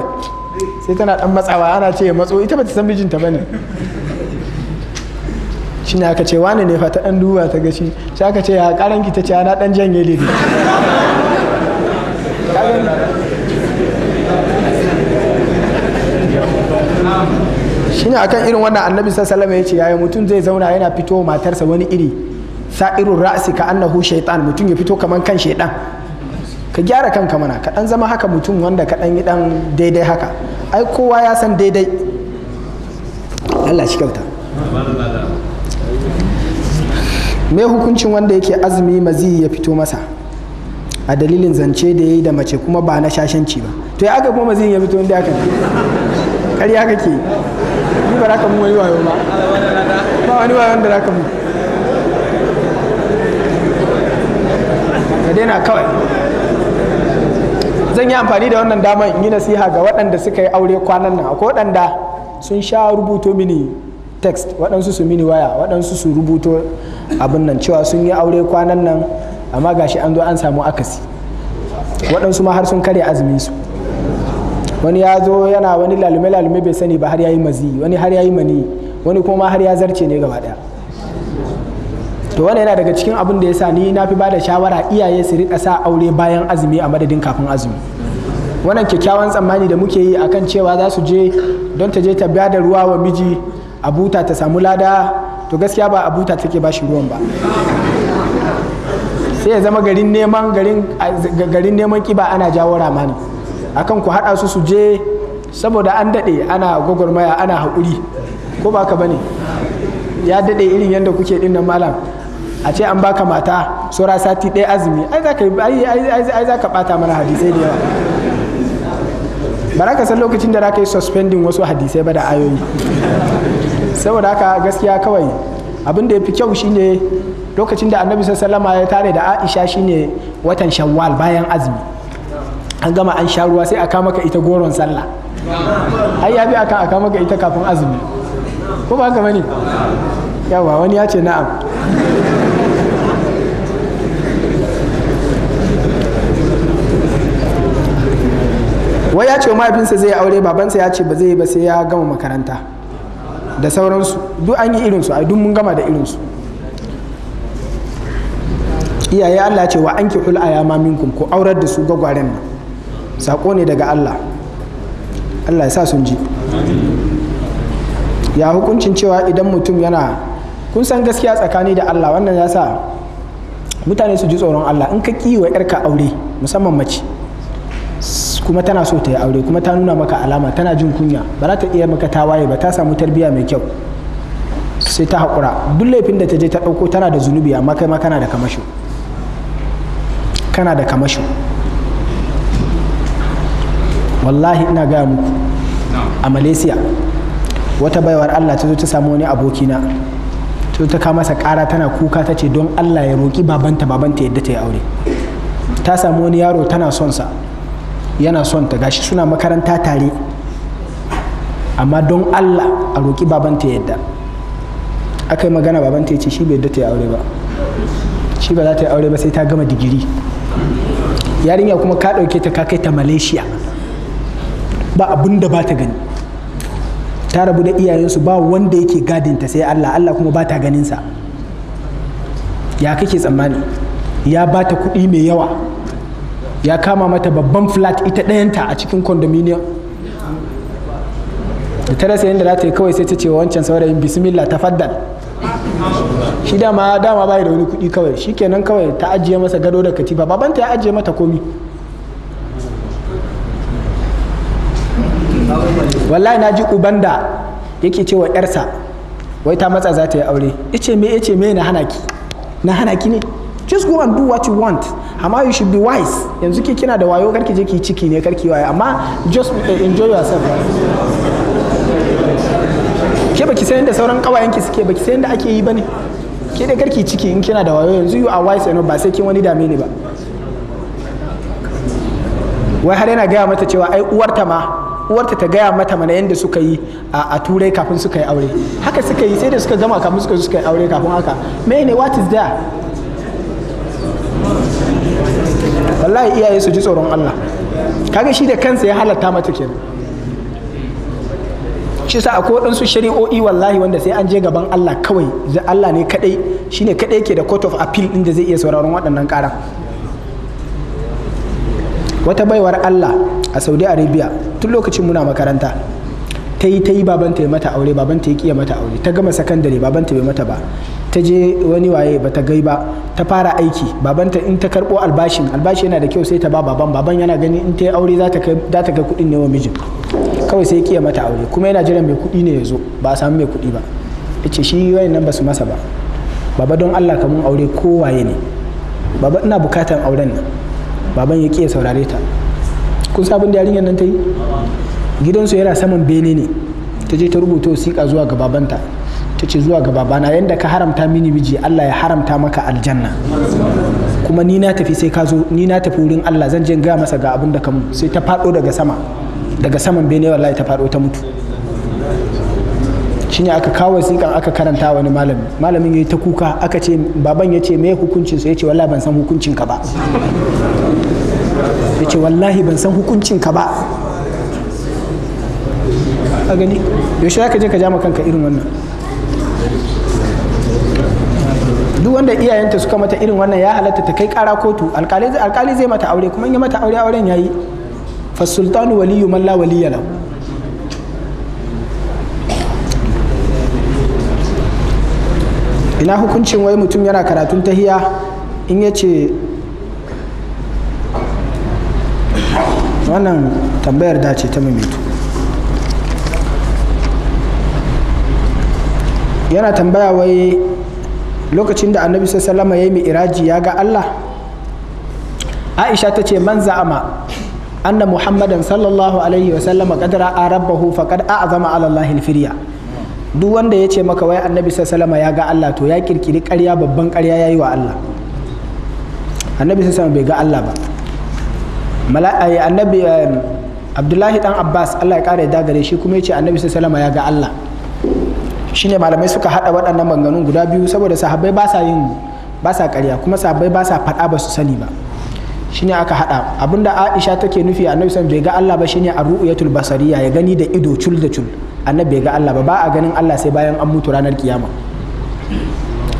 sai tana dan matsawa ana ce ya matso ita bata san mijinta bane shine aka ce wane ne fa ta dan duba ta gashi sai aka ce ya ki ta ce ana dan janye lebe shine akan irin wannan annabi sallallahu ya ce yaya mutum zai zauna yana fito matarsa wani iri sa'irun ra'si ka annahu shaitan mutum ya fito kaman kan shaitan ka gyara kanka mana ka dan zama haka mutum wanda ka dan yi dan daidai haka ai kowa ya san daidai Allah shi kyauta me hukuncin wanda yake azumi mazi ya fito masa a dalilin zance da ya yi da mace kuma ba na shashanci ba to ya aka kuma mazi ya fito inda aka ƙarya kake yi ba raka mu wani wayo ba ba wani wayo da raka mu ka daina kawai zan yi amfani da wannan damar in yi nasiha ga waɗanda suka yi aure kwanan nan akwai waɗanda sun sha rubuto mini text waɗansu su mini waya waɗansu su rubuto abin nan cewa sun yi aure kwanan nan amma gashi an zo an samu akasi waɗansu ma har sun karya azumin su wani ya zo yana wani lalume lalume bai sani ba har ya yi mazi wani har ya yi mani wani kuma har ya zarce ne gaba ɗaya to wani yana daga cikin abin da ya sa ni na fi bada shawara iyaye su rika sa aure bayan azumi a madadin kafin azumi wannan kyakkyawan tsammani da muke yi akan cewa za su je don ta je ta biya da ruwa wa miji abuta ta samu lada to gaskiya ba a take bashi ruwan ba sai ya zama garin neman garin neman kiba ana jawo ramani akan ku haɗa su su je saboda an daɗe ana gwagwarmaya ana haƙuri ko ba ka ba ne ya daɗe irin yadda kuke ɗin nan malam a ce an baka mata saura sati ɗaya azumi ai za ka ai za ka ɓata mana hadisai da yawa ba za ka san lokacin da za ka yi suspending wasu hadisai ba da ayoyi saboda haka gaskiya kawai abin da ya fi kyau shine lokacin da annabi sallama ya tare da aisha shine watan shawwal bayan azumi an gama an sha ruwa sai aka maka ita goron sallah ai ya bi aka aka maka ita kafin azumi ko ba haka bane yawa wani ya ce na'am wai ya ce mahaifinsa zai aure babansa ya ce ba zai ba sai ya gama makaranta da sauransu duk an yi irinsu a duk mun gama da irinsu iyaye Allah ce wa anki hul yama minkum ku aurar da su gwagwaren nan sako ne daga Allah Allah ya sa sun ji ya hukuncin cewa idan mutum yana kun san gaskiya tsakani da Allah wannan ya sa mutane su ji tsoron Allah in ka wa yarka aure musamman mace kuma tana so ta yi aure kuma ta nuna maka alama tana jin kunya ba za ta iya maka waye ba ta samu tarbiyya mai kyau sai ta haƙura duk laifin da ta je ta ɗauko tana da zunubi amma kai ma kana da kamasho kana da kamasho wallahi ina gaya muku a malaysia wata baiwar allah ta zo ta samu wani abokina ta zo ta kama masa ƙara tana kuka ta ce don allah ya roƙi babanta babanta yadda ta yi aure ta samu wani yaro tana son sa yana son ta gashi suna makaranta tare amma don allah a roƙi babanta yadda aka yi magana babanta ya ce shi bai yadda ta yi aure ba shi ba za ta yi aure ba sai ta gama digiri yarinya kuma ka ɗauke ta ka kai ta malaysia ba abun da ba ta gani ta rabu da iyayensu ba wanda yake gadinta sai allah allah kuma ba ta ganinsa ya kake tsammani ya ba ta kuɗi mai yawa ya kama mata babban flat ita dayanta a cikin condominium da ta rasa yadda za ta yi kawai sai ta ce wancan saurayin bismillah faddal shi dama dama bai da wani kuɗi kawai shi kenan kawai ta ajiye masa gado da katifa babanta ya ajiye mata komi wallahi na ji uban da yake cewa yarsa wai ta matsa za ta yi aure ya ce me ya ce me na hana ki na hana ki ne just go and do what you want amma you should be wise yanzu ke kina da wayo karki je ki ciki ne karki waye amma just eh, enjoy yourself ke baki san yadda sauran ki suke baki san yadda ake yi bane ke dai karki ciki in kina da wayo yanzu you are wise enough ba sai kin wani dame ne ba wai har yana gaya mata cewa ai uwarta ma uwarta ta gaya mata mana yadda suka yi a turai kafin suka yi aure haka suka yi sai da suka gama kafin suka suka yi aure kafin haka mene what is there wallahi iyaye su ji tsoron Allah kaga shi da kansa ya halatta mata kenan shi sa akwai waɗansu shari'o'i wallahi wanda sai an je gaban Allah kawai da Allah ne kadai shine kadai ke da court of appeal din da zai iya sauraron waɗannan ƙara wata baiwar Allah a Saudi Arabia tun lokacin muna makaranta ta yi ta yi babanta ya mata aure babanta ya kiya mata aure ta gama sakandare babanta bai mata ba ta je wani waye ba ta gai ba ta fara aiki babanta in ta karbo albashin albashi yana da kyau sai ta ba baban baban yana gani in ta yi aure za ta kai kuɗin ne wa mijin kawai sai kiya mata aure kuma yana jiran mai kuɗi ne ya zo ba a samu mai kuɗi ba ya ce shi wayan nan ba su masa ba baba don allah ka mun aure ko waye ne baba ina bukatan auren nan baban ya kiya saurare ta kun sabon da yarinyar nan ta yi gidansu yana saman bene ne ta je ta rubuta wasiƙa zuwa ga babanta ta ce zuwa ga babana yadda ka haramta mini miji Allah ya haramta maka aljanna kuma ni na tafi sai ka zo ni na tafi wurin Allah zan je ga masa ga abin da kamu sai ta faɗo daga sama daga saman bene wallahi ta faɗo ta mutu shine aka kawo wasiƙan aka karanta wani malami malamin ya yi ta kuka aka ce baban ya ce me hukuncin su ya ce wallahi ban san hukuncin ka ba ya ce wallahi ban san hukuncin ka ba a gani yaushe za ka je ka ja kanka irin wannan duk wanda iyayenta suka mata irin wannan ya halatta ta kai kara kotu alkali zai mata aure kuma in ya mata aure auren yayi fasultanu waliyu man la waliya ina hukuncin wai mutum yana karatun tahiya in ya ce wannan tambayar dace ta mamitu yana tambaya wai lokacin da annabi sallama ya yi mi'iraji ya ga Allah aisha ta ce man za'ama anna muhammadan sallallahu alaihi wa sallama kadara a rabbahu faqad a'zama ala allahi alfirya duk wanda ya ce maka wai annabi sallama ya ga Allah to ya kirkiri ƙarya babban ƙarya ya yi wa Allah annabi sallama bai ga Allah ba eh, annabi eh, abdullahi dan abbas Allah ya kare da gare shi kuma ya ce annabi sallama ya ga Allah shine malamai suka hada waɗannan maganganun guda biyu saboda sahabbai ba sa yin ba sa ƙarya kuma sahabbai ba sa faɗa ba su sani ba shine aka hada abinda Aisha take nufi annabi san bai ga Allah ba shine ar-ru'yatul basariya ya gani da ido cul da cul annabi bai ga Allah ba ba a ganin Allah sai bayan an mutu ranar kiyama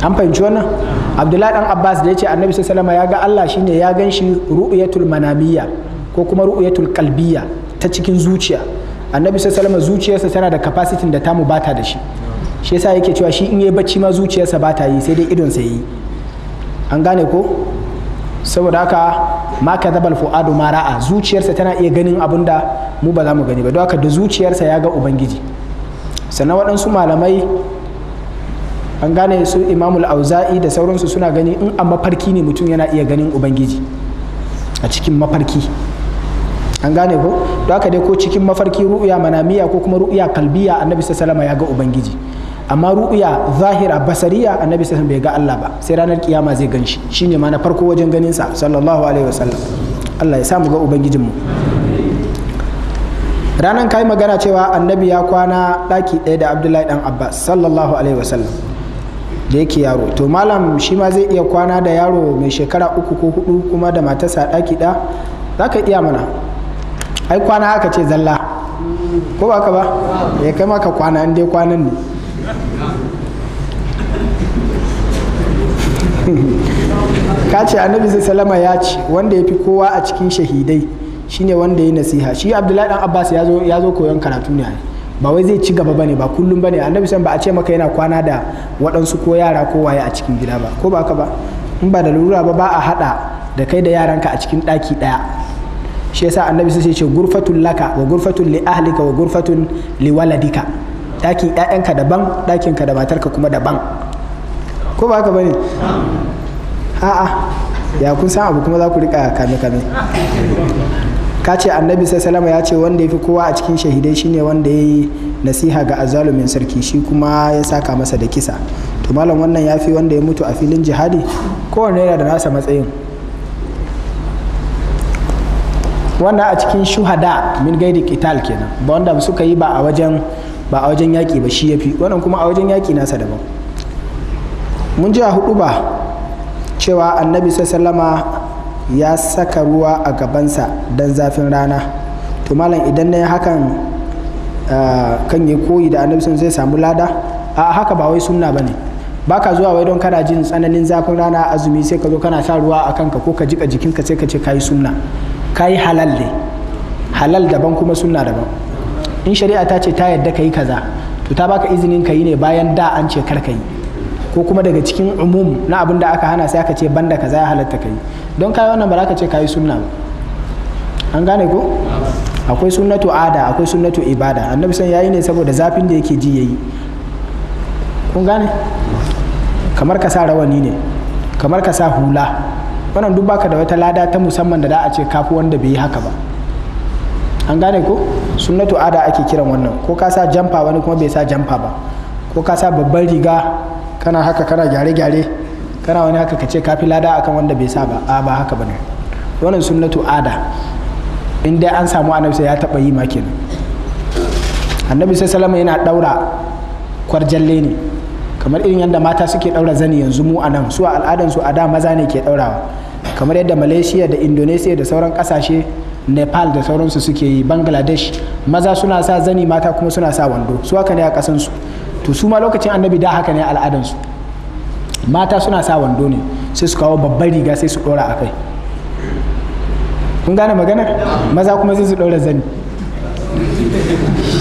an fahimci wannan abdullahi dan abbas da ya ce annabi Salama ya ga allah shine ya gan shi ru'yatul manamiya ko kuma ru'yatul kalbiya ta cikin zuciya annabi Salama zuciyarsa tana da capacity da tamu bata da shi shi yasa yake cewa shi in yi bacci ma zuciyarsa ba ta yi sai dai sa yi an gane ko saboda haka ma ka zabal fu'adu ma ra'a zuciyarsa tana iya ganin abin da mu ba za mu gani ba don haka da zuciyarsa ya ga ubangiji sannan waɗansu malamai an gane su imamul auza'i da sauransu suna gani in a mafarki ne mutum yana iya ganin ubangiji a cikin mafarki an gane ko don haka dai ko cikin mafarki ru'uya manamiya ko kuma ru'uya kalbiya annabi wasallam ya ga ubangiji amma ru'uya zahira basariya annabi sai bai ga Allah ba sai ranar kiyama zai gan shi shine ma na farko wajen ganin sa sallallahu alaihi wasallam Allah ya sa mu ga ubangijin mu ranan kai magana cewa annabi ya kwana daki ɗaya da Abdullahi dan Abbas sallallahu alaihi wasallam da yake yaro to malam shi ma zai iya kwana da yaro mai shekara uku ko hudu kuma da matarsa daki ɗa zaka iya mana ai kwana haka ce zalla ko ba ka ba ya eh, kai maka kwana in dai kwanan ne ka ce annabi salama ya ce wanda ya fi kowa a cikin shahidai shine wanda ya nasiha shi abdullahi dan abbas ya zo koyon karatu ne ba wai zai ci gaba bane ba kullum bane annabi sai ba a ce maka yana kwana da waɗansu ko yara ko waye a cikin gida ba ko ba ka ba in ba da lura ba ba a haɗa da kai da yaranka a cikin ɗaki ɗaya shi yasa annabi sai ce gurfatun laka wa gurfatun li ahlika wa gurfatun li waladika ɗakin ƴaƴanka daban ɗakinka da matarka kuma daban ko ba haka bane a'a ya kun san abu kuma za ku rika kame kame ka ce annabi sai salama ya ce wanda ya fi kowa a cikin shahidai shine wanda ya yi nasiha ga azalumin sarki shi kuma ya saka masa da kisa to malam wannan ya fi wanda ya mutu a filin jihadi kowanne yana da nasa matsayin wannan a cikin shuhada min gaidi qital kenan ba wanda suka yi ba a wajen ba a wajen yaki ba shi ya fi wannan kuma a wajen yaki nasa daban mun ji a hudu ba cewa annabi sallama ya saka ruwa a gabansa don zafin rana to malam idan na yi hakan ah, kan yi koyi da annabi zai samu lada a haka ba wai sunna ba ne ba ka zuwa wai don kana jin tsananin zafin rana azumi sai ka zo kana sa ruwa a kanka ko ka jika jikinka sai ka ce ka yi sunna ka yi halal ne halal daban kuma sunna daban in shari'a ta ce ta yadda ka yi kaza to ta baka izinin ka yi ne bayan da an ce kar ka yi ko kuma daga cikin umum na abin da aka hana sai aka ce banda za ya halatta ka yi don kai wannan ba za ka ce kai sunna ba an gane ko akwai sunnatu ada akwai sunnatu ibada annabi san yayi ne saboda zafin da yake ji yayi kun gane kamar ka sa rawani ne kamar ka sa hula wannan duk baka da wata lada ta musamman da za a ce kafu wanda bai yi haka ba an gane ko sunnatu ada ake kiran wannan ko ka sa jamfa wani kuma bai sa jamfa ba ko ka sa babban riga kana haka kana gyare-gyare kana wani haka ka ce kafi lada akan wanda bai sa ba a ba haka bane wannan sunnatu ada in dai an samu annabi sai ya taba yi makin annabi sai salama yana daura kwarjalle ne kamar irin yadda mata suke daura zani yanzu mu anan su a al'adan su a da maza ne ke daurawa kamar yadda malaysia da indonesia da sauran kasashe nepal da sauransu suke yi bangladesh maza suna sa zani mata kuma suna sa wando su haka ne a kasansu su to su ma lokacin annabi da haka ne al'adansu mata suna sa wando ne sai su kawo babbar riga sai su ɗora a kai kun gane maganar maza kuma zai su dora zani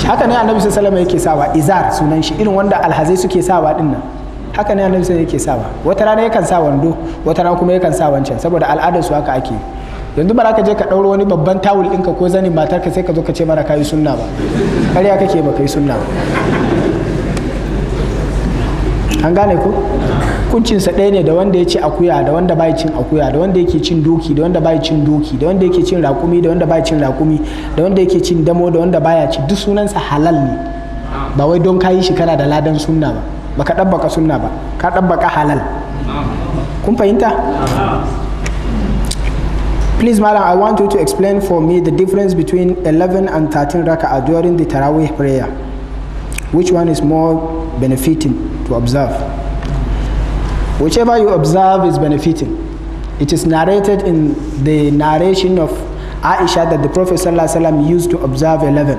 haka ne annabi sallallahu yake sawa izar sunan shi irin wanda alhazai suke sawa din nan haka ne annabi sai yake sawa wata rana yakan sa wando wata rana kuma yakan sa wancan saboda al'adar su haka ake yanzu ba ka je ka ɗaura wani babban tawul ɗinka ko zanin matarka sai ka zo ka ce mara kayi sunna ba ƙarya kake ba kai sunna ba an gane ko hukuncinsa ɗaya ne da wanda ya ci akuya da wanda bai cin akuya da wanda yake cin doki da wanda bai cin doki da wanda yake cin rakumi da wanda bai cin rakumi da wanda yake cin damo da wanda baya ci duk sunansa halal ne ba wai don kayi shi kana da ladan sunna ba baka dabbaka sunna ba ka dabbaka halal kun fahimta Please, madam, I want you to explain for me the difference between 11 and 13 raka'ah during the Tarawih prayer. Which one is more benefiting? to observe. Whichever you observe is benefiting. It is narrated in the narration of Aisha that the Prophet ﷺ used to observe 11.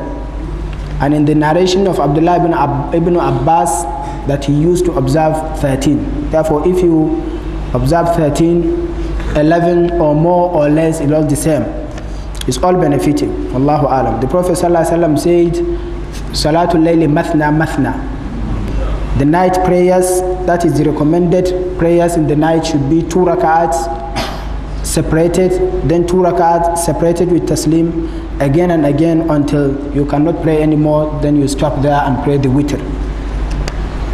And in the narration of Abdullah ibn, Ab ibn Abbas that he used to observe 13. Therefore, if you observe 13, 11 or more or less, it's all the same. It's all benefiting. Allahu Alam. The Prophet ﷺ said, Salatul Layli Mathna Mathna. The night prayers, that is the recommended prayers in the night, should be two rak'ats separated, then two rakats, separated with taslim again and again until you cannot pray anymore, then you stop there and pray the witr.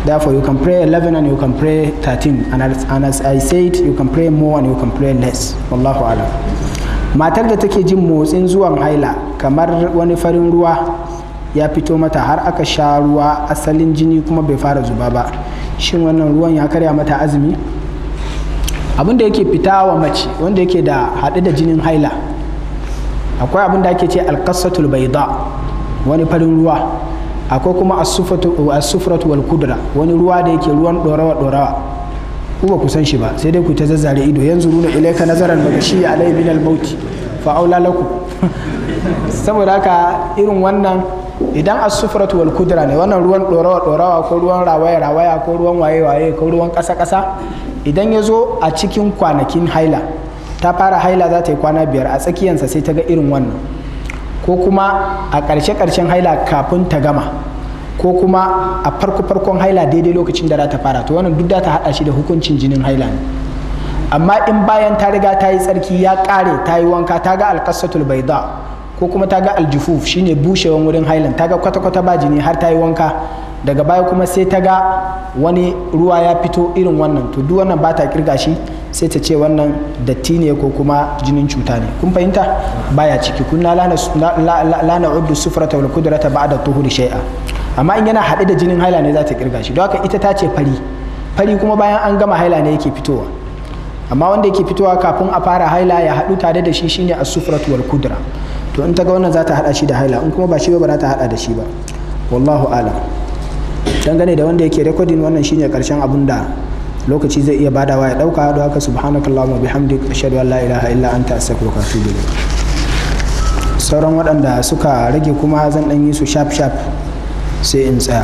Therefore, you can pray 11 and you can pray 13. And as, and as I said, you can pray more and you can pray less. Wallahu alam. Matar da take jin motsin zuwan haila kamar wani farin ruwa ya fito mata har aka sha ruwa asalin jini kuma bai fara zuba ba shin wannan ruwan ya karya mata azumi abin da yake fita wa mace wanda yake da haɗe da jinin haila akwai abin da ake ce alkasatul baida wani farin ruwa akwai kuma asufratu wal kudra wani ruwa da yake ruwan ɗorawa ɗorawa ku ba ku san shi ba sai dai ku ta zazzare ido yanzu runa ilaika nazaran daga shi alai bin al-mauti fa lakum saboda haka irin wannan idan a sufratu wal kudra ne wannan ruwan dorawa dorawa ko ruwan rawaya rawaya ko ruwan waye waye ko ruwan kasa kasa idan ya zo a cikin kwanakin haila ta fara haila za ta yi kwana biyar a tsakiyansa sai ta ga irin wannan ko kuma a ƙarshe ƙarshen haila kafin ta gama ko kuma a farko farkon haila daidai lokacin da za ta fara to wannan duk da ta haɗa shi da hukuncin jinin haila ne amma in bayan ta riga ta yi tsarki ya ƙare ta yi wanka ta ga alƙasatul baida ko kuma ta ga aljufuf shine bushewan wurin hailan ta ga kwata-kwata ba jini har ta yi wanka daga baya kuma sai ta ga wani ruwa ya fito irin wannan to duk wannan ba ta kirga shi sai ta ce wannan datti ne ko kuma jinin cuta ne kun fahimta baya ciki kun na lana uddu sufrata wal qudrata ba'da tuhuri shaia amma in yana haɗe da jinin haila ne za ta kirga shi don haka ita ta ce fari fari kuma bayan an gama haila ne yake fitowa amma wanda yake fitowa kafin a fara haila ya haɗu tare da shi shine as-sufratu wal qudra to in ta ga wannan za ta hada shi da haila in kuma ba shi ba ba za ta hada da shi ba wallahu alam dangane da wanda yake rekodin wannan shine karshen abun da lokaci zai iya badawa ya ɗauka, don haka wa bihamdik ashhadu an la ilaha illa anta astaghfiruka wa atubu ilaik sauran waɗanda suka rage kuma zan ɗan yi su sharp sharp sai in tsaya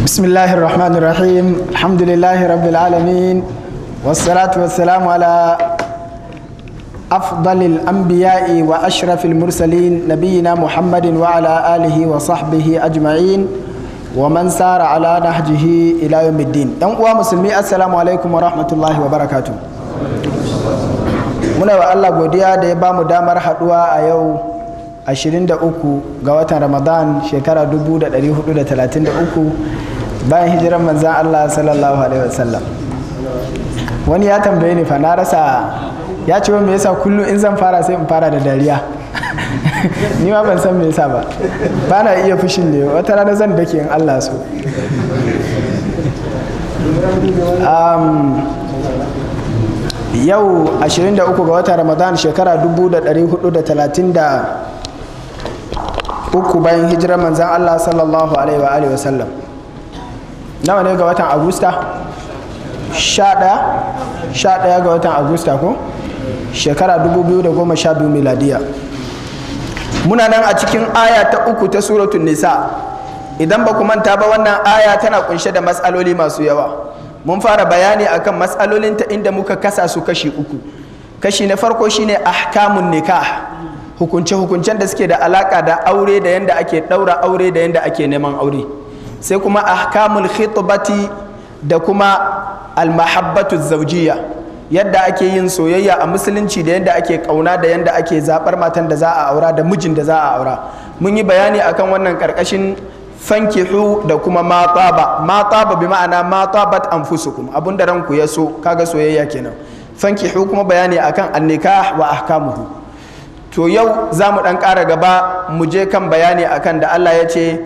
bismillahir rahmanir alamin wassalatu wassalamu ala أفضل الأنبياء وأشرف المرسلين نبينا محمد وعلى آله وصحبه أجمعين ومن سار على نهجه إلى يوم الدين أنقوى مسلمي السلام عليكم ورحمة الله وبركاته muna wa Allah godiya da ya bamu damar haduwa a yau 23 ga watan Ramadan shekara 1433 bayan hijiran manzan Allah sallallahu alaihi wasallam wani ya tambaye ni fa na rasa ya ce me yasa kullum in zan fara sai in fara da dariya ni ma ban san me yasa ba ba na iya fushin ne wata rana zan dake in Allah so yau 23 ga watan ramadan shekara 1433 bayan hijirar manzan Allah sallallahu alaihi wa sallam nawa ne ga watan agusta 11 ga watan agusta ko shekara 2012 miladiya muna nan a cikin aya ta uku ta suratun nisa idan ba ku manta ba wannan aya tana kunshe da matsaloli masu yawa mun fara bayani akan matsalolinta inda muka kasa su kashi uku kashi na farko shine ahkamun nikah hukunce-hukuncen da suke da alaka da aure da yadda ake ɗaura aure da yadda ake neman aure sai kuma ahkamul khitbati da kuma almahabbatu zaujiya yadda ake yin soyayya a musulunci da yadda ake kauna da yadda ake zaɓar matan da za a aura da mijin da za a aura mun yi bayani akan wannan karkashin fankihu da kuma mataba mataba bi ma'ana matabat anfusukum abinda ranku ya so kaga soyayya kenan fankihu kuma bayani akan annikah wa ahkamuhu to yau za mu dan ƙara gaba mu je kan bayani akan da Allah ya ce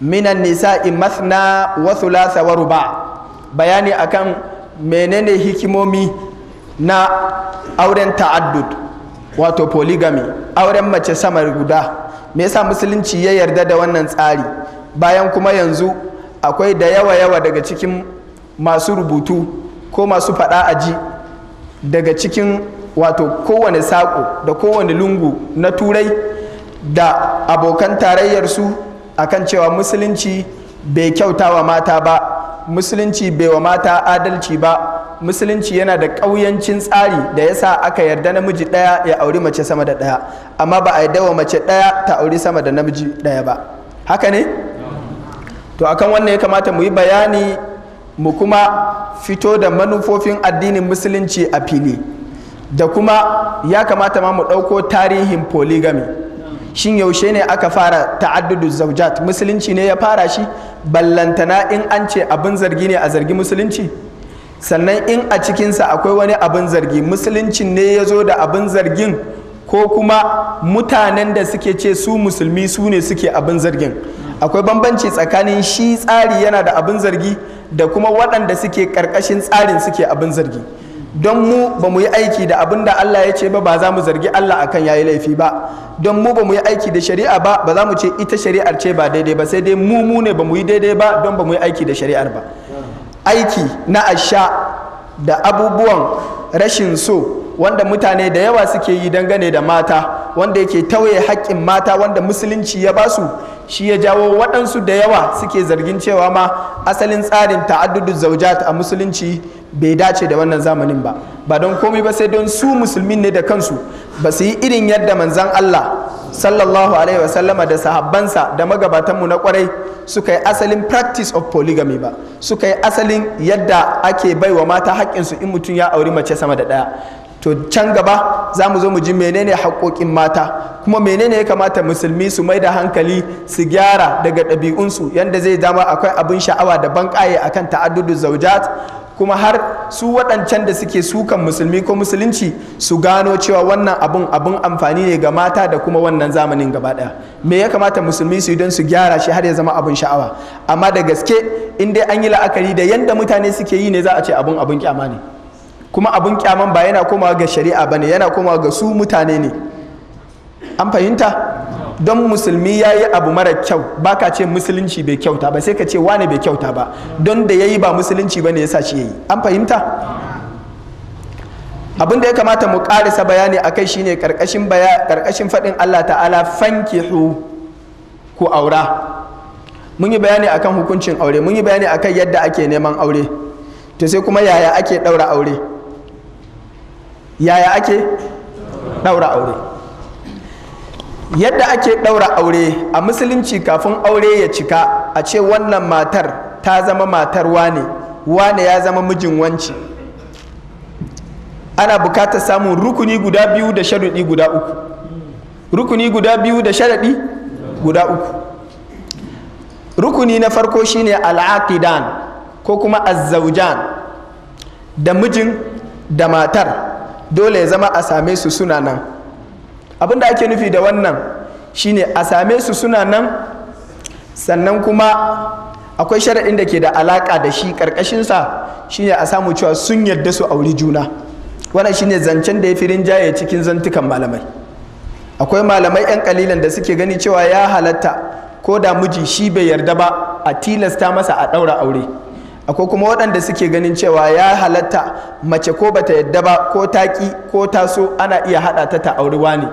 minan nisa'i mathna wa thulatha wa ruba bayani akan menene hikimomi na auren ta'addud wato polygamy auren mace samar guda me yasa musulunci ya yarda da wannan tsari bayan kuma yanzu akwai da yawa yawa daga cikin masu rubutu ko masu faɗa aji daga cikin wato kowane saƙo da kowane lungu na turai da abokan tarayyarsu akan cewa musulunci bai kyautawa mata ba musulunci bai wa mata adalci ba musulunci yana da ƙauyancin tsari da yasa aka yarda namiji ɗaya ya auri mace sama da ɗaya amma ba a yarda wa mace ɗaya ta auri sama da namiji ɗaya ba haka ne to akan wannan ya kamata mu yi bayani mu kuma fito da manufofin addinin musulunci a fili da kuma ya kamata ma mu ɗauko tarihin polygamy shin yaushe ne aka fara ta'addudu zaujat musulunci ne ya fara shi ballantana in an ce abin zargi ne a zargi musulunci sannan in a cikinsa akwai wani abin zargi Musulunci ne ya zo da abin zargin ko kuma mutanen da suke ce su musulmi su ne suke abin zargin akwai bambanci tsakanin shi tsari yana da abin zargi da kuma waɗanda suke ƙarƙashin tsarin suke abin zargi don mu ba mu yi aiki da abin da Allah ya ce ba ba za mu zargi Allah a akan yayi laifi ba don mu ba mu yi aiki da shari'a ba ba za mu ce ita shari'ar ce ba daidai ba sai dai mu mu ne ba mu yi daidai ba don ba mu yi aiki da shari'ar ba aiki na asha da abubuwan rashin so wanda mutane da yawa suke yi dangane da mata wanda yake tauye haƙƙin mata wanda musulunci ya ba su shi ya jawo waɗansu da yawa suke zargin cewa ma asalin tsarin ta'addudu zaujata a musulunci bai dace da wannan zamanin ba ba don komai ba sai don su musulmin ne da kansu ba su yi irin yadda manzan Allah sallallahu alaihi wasallama da sahabbansa da magabatanmu na kwarai suka yi asalin practice of polygamy ba suka yi asalin yadda ake baiwa mata haƙƙinsu in mutum ya auri mace sama da ɗaya to can gaba za mu zo mu ji menene haƙoƙin mata kuma menene ya kamata musulmi su mai da hankali su gyara daga ɗabi'unsu yadda zai zama akwai abin sha'awa da banƙaye kan ta'addudu zaujat kuma har su waɗancan da suke sukan musulmi ko musulunci su gano cewa wannan abun abun amfani ne ga mata da kuma wannan zamanin gaba ɗaya me ya kamata musulmi su yi don su gyara shi har ya zama abin sha'awa amma da gaske in dai an yi la'akari da yadda mutane suke yi ne za a ce abun abun kyama ne kuma abin kyaman ba yana komawa ga shari'a ba ne, yana komawa ga su mutane ne an fahimta don musulmi ya yi abu mara kyau ba ka ce musulunci bai kyauta ba sai ka ce wane bai kyauta ba don da ya yi ba musulunci ba ne ya sa shi ya yi an fahimta abin da ya kamata mu karisa bayani a kai shine karkashin karkashin faɗin Allah ta'ala fanki ku aura mun yi bayani akan hukuncin aure mun yi bayani akan yadda ake neman aure to sai kuma yaya ake ɗaura aure yaya ake ɗaura aure yadda ake ɗaura aure a musulunci kafin aure ya cika a ce wannan matar ta zama matar wane wane ya zama mijin wanci ana bukatar samun rukuni guda biyu da sharaɗi guda uku rukuni guda biyu da sharaɗi guda uku rukuni na farko shine al'aqidan ko kuma azzaujan da mijin da matar dole ya zama a same su suna nan abin da ake nufi da wannan shine a same su suna nan sannan kuma akwai sharaɗin da ke da alaƙa da shi ƙarƙashinsa shine a samu cewa sun yarda su auri juna wannan shine zancen da ya fi rinjaye cikin zantukan malamai akwai malamai 'yan kalilan da suke gani cewa ya halatta ko da miji shi bai yarda ba a tilasta masa a ɗaura aure akwai kuma waɗanda suke ganin cewa ya halatta mace ko bata yadda ba ko taƙi ko taso ana iya haɗa ta ta auri wani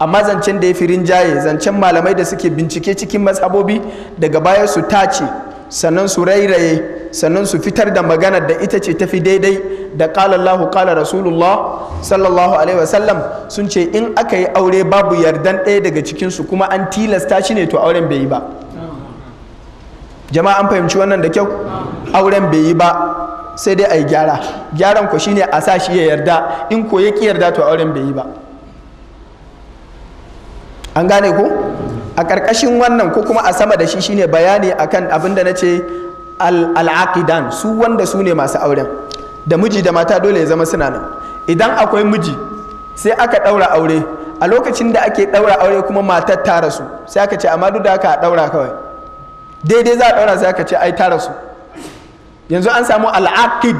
amma zancen da ya fi rinjaye zancen malamai da suke bincike cikin matsabobi daga baya su tace sannan su rairaye sannan su fitar da magana da ita ce tafi daidai da ƙala Allahu ƙala Rasulullah sallallahu alaihi wasallam sun ce in aka yi aure babu yardan ɗaya daga cikinsu kuma an tilasta shi ne to auren bai yi ba jama'a an fahimci wannan da kyau auren bai yi ba sai dai a yi gyara gyaran ku shine a sa shi ya yarda in ko ya ki yarda to auren bai yi ba an gane ku. a ƙarƙashin wannan ko kuma a sama da shi shine bayani akan abin da na ce al'aqidan su wanda su ne masu auren da miji da mata dole ya zama suna nan idan akwai miji sai aka ɗaura aure a lokacin da ake ɗaura aure kuma matar ta rasu sai aka ce amma duk da aka ɗaura kawai daidai za a ɗaura sai aka ce ai tara su yanzu an samu al'aqid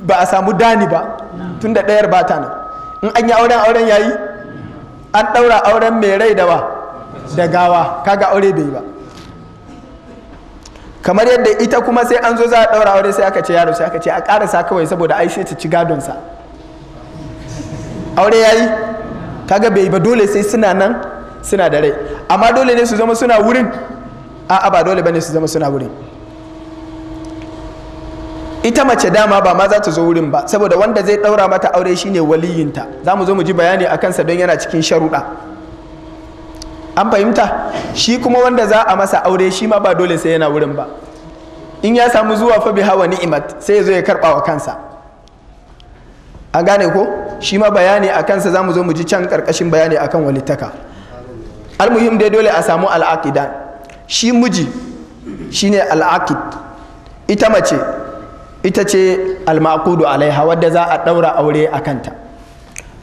ba a samu dani ba tun da ɗayar ba ta nan in an yi auren auren yayi an ɗaura auren mai rai da wa da gawa kaga aure bai ba kamar yadda ita kuma sai an zo za a ɗaura aure sai aka ce yaro sai aka ce a ƙarasa kawai saboda ai ta ci gadonsa aure yayi kaga bai ba dole sai suna nan suna da rai amma dole ne su zama suna wurin a'a ba dole bane su zama suna wurin ita mace dama ba ma za ta zo wurin ba saboda wanda zai daura mata aure shine waliyinta za mu zo mu ji bayani a kansa don yana cikin sharuɗa an fahimta shi kuma wanda za a masa aure shi ma ba dole sai yana wurin ba in ya samu zuwa fa hawa ni'imat sai ya zo ya karɓa wa kansa an gane ko shi ma bayani a kansa za mu zo mu ji can karkashin bayani akan walittaka almuhim dai dole a samu al'aqidan shi miji shine al'akid ita mace ita ce al-maqudu alaiha wadda za a daura aure a kanta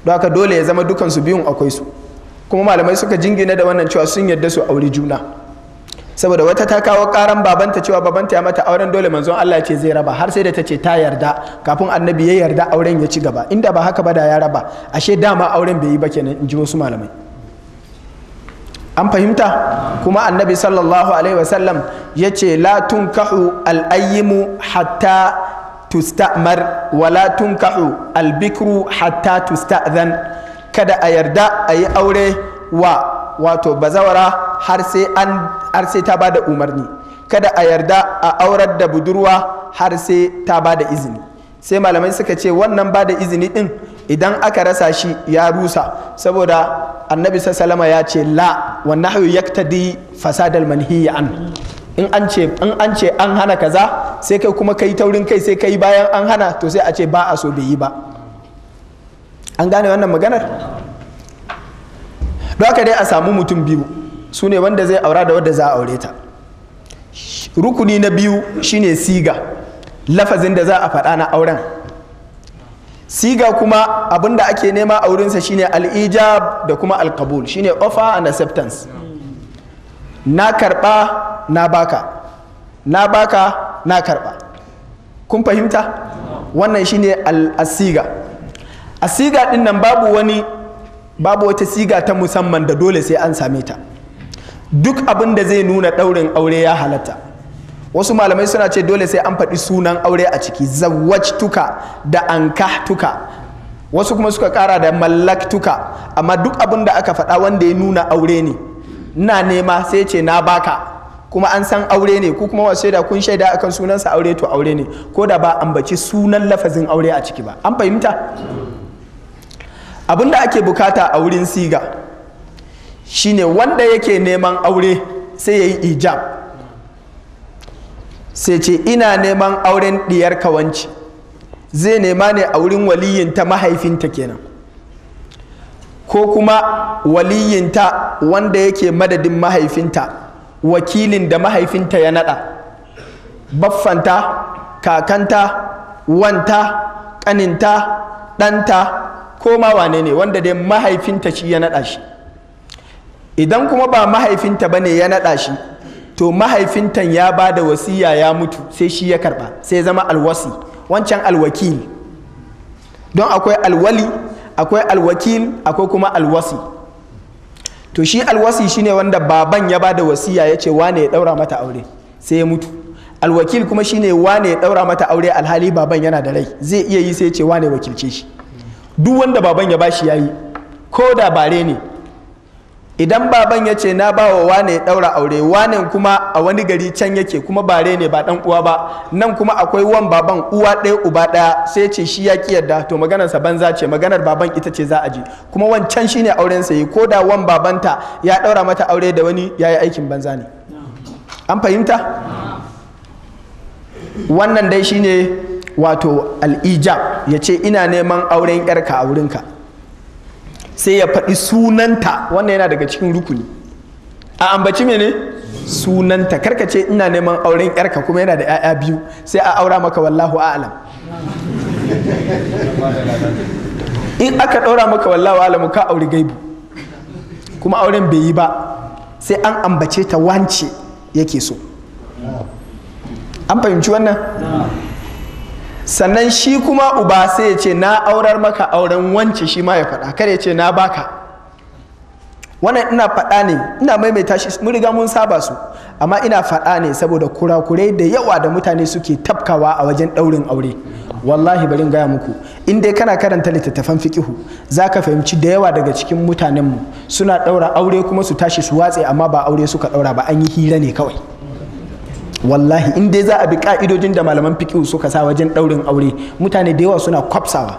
don haka dole ya zama dukansu biyun akwai su kuma malamai suka jingina da wannan cewa sun yadda su auri juna saboda wata ta kawo karan babanta cewa babanta ya mata auren dole manzon Allah ce zai raba har sai da ta ce ta yarda kafin annabi ya yarda auren ya ci gaba inda ba haka ba da ya raba ashe dama auren bai yi ba kenan in ji wasu malamai an fahimta kuma annabi sallallahu alaihi wasallam ya ce latun tunkahu al'ayyimu hatta tustamar wa latun tunkahu albikru hatta tusta'zan kada a yarda a yi aure wa wato bazawara har sai an har sai ta bada umarni kada a yarda a aurar da budurwa har sai ta bada izini sai malamai suka ce wannan bada izini din idan aka rasa shi ya rusa saboda annabi sallama ya ce la wa nahyu yaktadi fasadal manhiyi an in an ce in an ce an hana kaza sai kai kuma kai taurin kai sai kai bayan an hana to sai a ce ba a so bai yi ba an gane wannan maganar don haka dai a samu mutum biyu su ne wanda zai aura da wadda za a aure ta rukuni na biyu shine siga lafazin da za a faɗa na auren siga kuma abinda ake nema a wurinsa shine al'ijab da kuma alkabul shine offer and acceptance na karba na baka na baka na karba kun fahimta wannan shine al'asiga asiga din nan babu wani babu wata siga ta musamman da dole sai an same ta duk abinda zai nuna daurin aure ya halatta wasu malamai suna ce dole sai an faɗi sunan aure a ciki tuka da tuka. wasu kuma suka ƙara da Mallak tuka. amma duk abin da aka faɗa wanda ya nuna aure ne na nema sai ce na baka kuma an san aure ne ko kuma wasu da kun shaida akan sunansa aure to aure ne ko da ba ambaci sunan lafazin aure a ciki ba an fahimta abin da ake bukata a wurin siga shine wanda yake neman aure sai ya yi ijab sai ce ina neman auren diyar kawanci zai nema ne a wurin waliyinta mahaifinta kenan ko kuma waliyinta wanda yake madadin mahaifinta wakilin da mahaifinta ya nada baffanta kakanta wanta kaninta ɗanta ko ma wane ne wanda dai mahaifinta shi ya naɗa shi idan kuma ba mahaifinta ba ne ya naɗa shi to mahaifintan ya ba da wasiya ya mutu sai shi ya karba sai zama alwasi wancan alwakil don akwai alwali akwai alwakil akwai kuma alwasi to shi alwasi shine wanda baban ya ba da wasiya ya ce wane ya daura mata aure sai ya mutu alwakil kuma shine wane ya daura mata aure alhali baban yana da rai zai iya yi sai ya ce wane wakilce shi duk wanda baban ya ba bashi yi ko da bare ne idan baban ya ce na bawa wa wane ɗaura aure wane kuma a wani gari can yake kuma bare ne ba dan uwa ba nan kuma akwai wan baban uwa ɗaya uba ɗaya sai ce shi ya ki yadda to maganarsa banza ce maganar baban ita ce za a je, kuma wancan shine auren sa yi ko da wan babanta ya ɗaura mata aure da wani ya yi aikin banza ne an fahimta wannan dai shine wato al'ijab ya ce ina neman auren yarka a wurinka sai ya faɗi sunanta wannan yana daga cikin rukuni a ambaci mene sunanta karkace ina neman auren yarka kuma yana da 'ya'ya biyu sai a aura maka wallahu a'alam in aka ɗora maka wallahu a'alam ka auri gaibu kuma auren bai yi ba sai an ambace ta wance yake so an fahimci wannan sannan shi kuma uba sai ya ce na aurar maka auren wance shi ma ya faɗa kar ya ce na baka wannan ina faɗa ne ina maimaita shi mun riga mun saba su amma ina faɗa ne saboda kurakurai da yawa da mutane suke tafkawa a wajen ɗaurin aure wallahi barin gaya muku in dai kana karanta littattafan fikihu za ka fahimci da yawa daga cikin mutanenmu suna ɗaura aure kuma su tashi su watse amma ba aure suka ɗaura ba an yi hira ne kawai wallahi in dai za a bi ka'idojin da malaman fiqh suka sa wajen ɗaurin aure mutane da yawa suna kwafsawa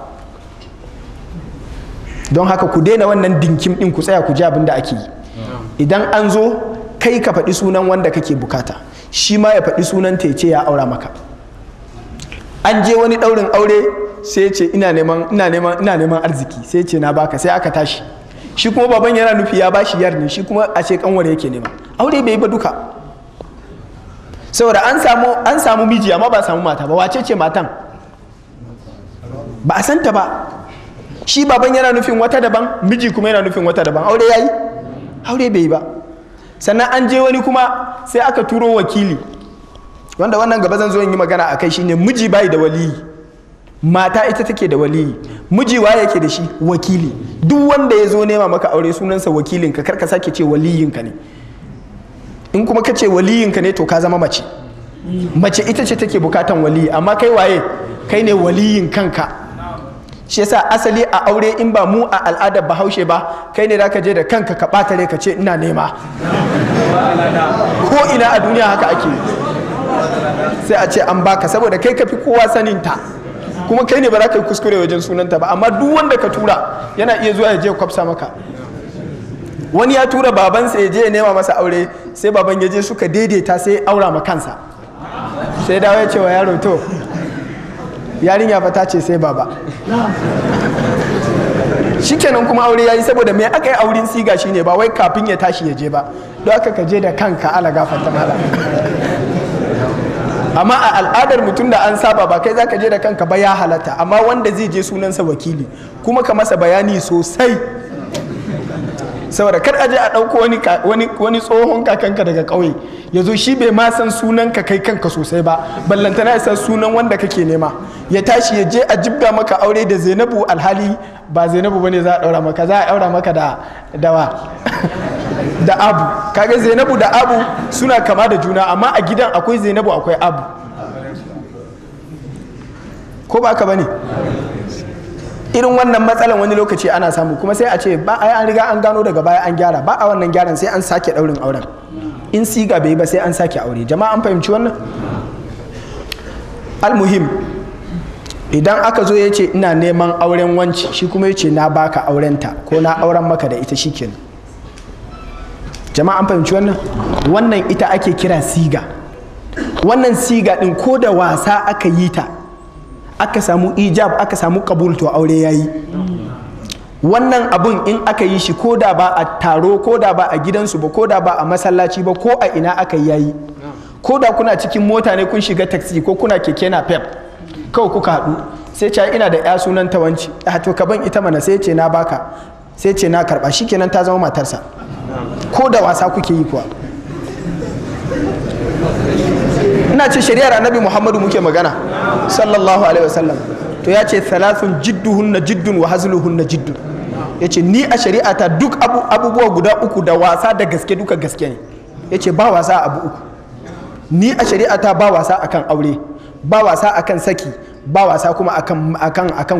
don haka ku daina wannan dinkim ɗin ku tsaya ku ji abin da ake yi idan an zo kai ka faɗi sunan wanda kake bukata shi ma ya faɗi sunan ta ce ya aura maka an je wani ɗaurin aure sai ce ina neman arziki sai ce na baka sai aka tashi shi kuma baban yana nufi ya bashi yar ne shi kuma a ce kanwar yake nema aure bai ba duka saboda an samu an samu miji amma ba samu mata ba wace ce matan ba a santa ba shi baban yana nufin wata daban miji kuma yana nufin wata daban aure yayi aure bai ba sannan an je wani kuma sai aka turo wakili wanda wannan gaba zan zo in yi magana a kai shine miji bai da waliyi mata ita take da waliyi miji wa yake da shi wakili duk wanda ya zo nema maka aure sunansa wakilinka kar ka sake ce waliyinka ne in kuma ka ce waliyinka ne to ka zama mace mace ita ce take bukatan waliyi amma kai waye kai ne waliyin kanka shi yasa asali a aure in ba mu a al'adar bahaushe ba kai ne zaka je da kanka ka bata ka ce ina nema ko ina a duniya haka ake sai a ce an baka saboda kai ka fi kowa sanin ta kuma kai ne ba za ka yi kuskure wajen sunanta ba amma duk wanda ka tura yana iya zuwa ya je kwafsa maka wani ya tura babansa ya je ya nema masa aure sai baban ya je suka daidaita sai aura ma kansa sai dawo ya ce wa yaro to yarinya fa ta ce sai baba shikenan kuma aure ya yi saboda mai aka yi auren siga shine ba wai kafin ya tashi ya je ba don aka ka je da kanka ala ta mala amma a al'adar mutum da an saba ba kai za ka je da kanka ba ya halatta amma wanda zai je sunansa wakili kuma ka masa bayani sosai saboda kar aje a ɗauko wani wani tsohon kakanka daga ƙauye ya zo shi bai ma san sunan ka kai kanka sosai ba ballantana ya san sunan wanda kake nema ya tashi ya je a jibga maka aure da zainabu alhali ba zainabu bane za a ɗaura maka za a ɗaura maka da dawa da abu kaga zainabu da abu suna kama da juna amma a gidan akwai zainabu akwai abu ko ba ka bane irin wannan matsalan wani lokaci ana samu kuma sai a ce ba yi an riga an gano daga baya an gyara ba a wannan gyaran sai an sake daurin auren in siga bai ba sai an sake aure jama'a an fahimci wannan almuhim idan aka zo ya ce ina neman auren wanci shi kuma ya ce na baka aurenta ko na auren maka da ita shikenan jama'a an fahimci wannan wannan ita ake kira siga wannan siga din ko da wasa aka yi ta aka samu ijab aka samu kabul to aure yayi wannan abun in aka yi shi ko da ba a taro ko da ba a gidansu ba ko da ba a masallaci ba ko a ina aka yayi ko da kuna cikin mota ne kun shiga taxi ko kuna keke na pep kawai kuka haɗu sai ce ina da ya sunan tawanci a to ka ita mana sai ce na baka sai ce na karba shikenan ta zama matarsa ko da wasa kuke yi kuwa ina ce shari'ar annabi muhammadu muke magana sallallahu alaihi wasallam to ya ce thalathun na jiddun wa na jiddun ya ce ni a shari'ata duk abubuwa guda uku da wasa da gaske duka gaske ne ya ce ba wasa abu uku ni a ta ba wasa akan aure ba wasa akan saki ba wasa kuma akan akan akan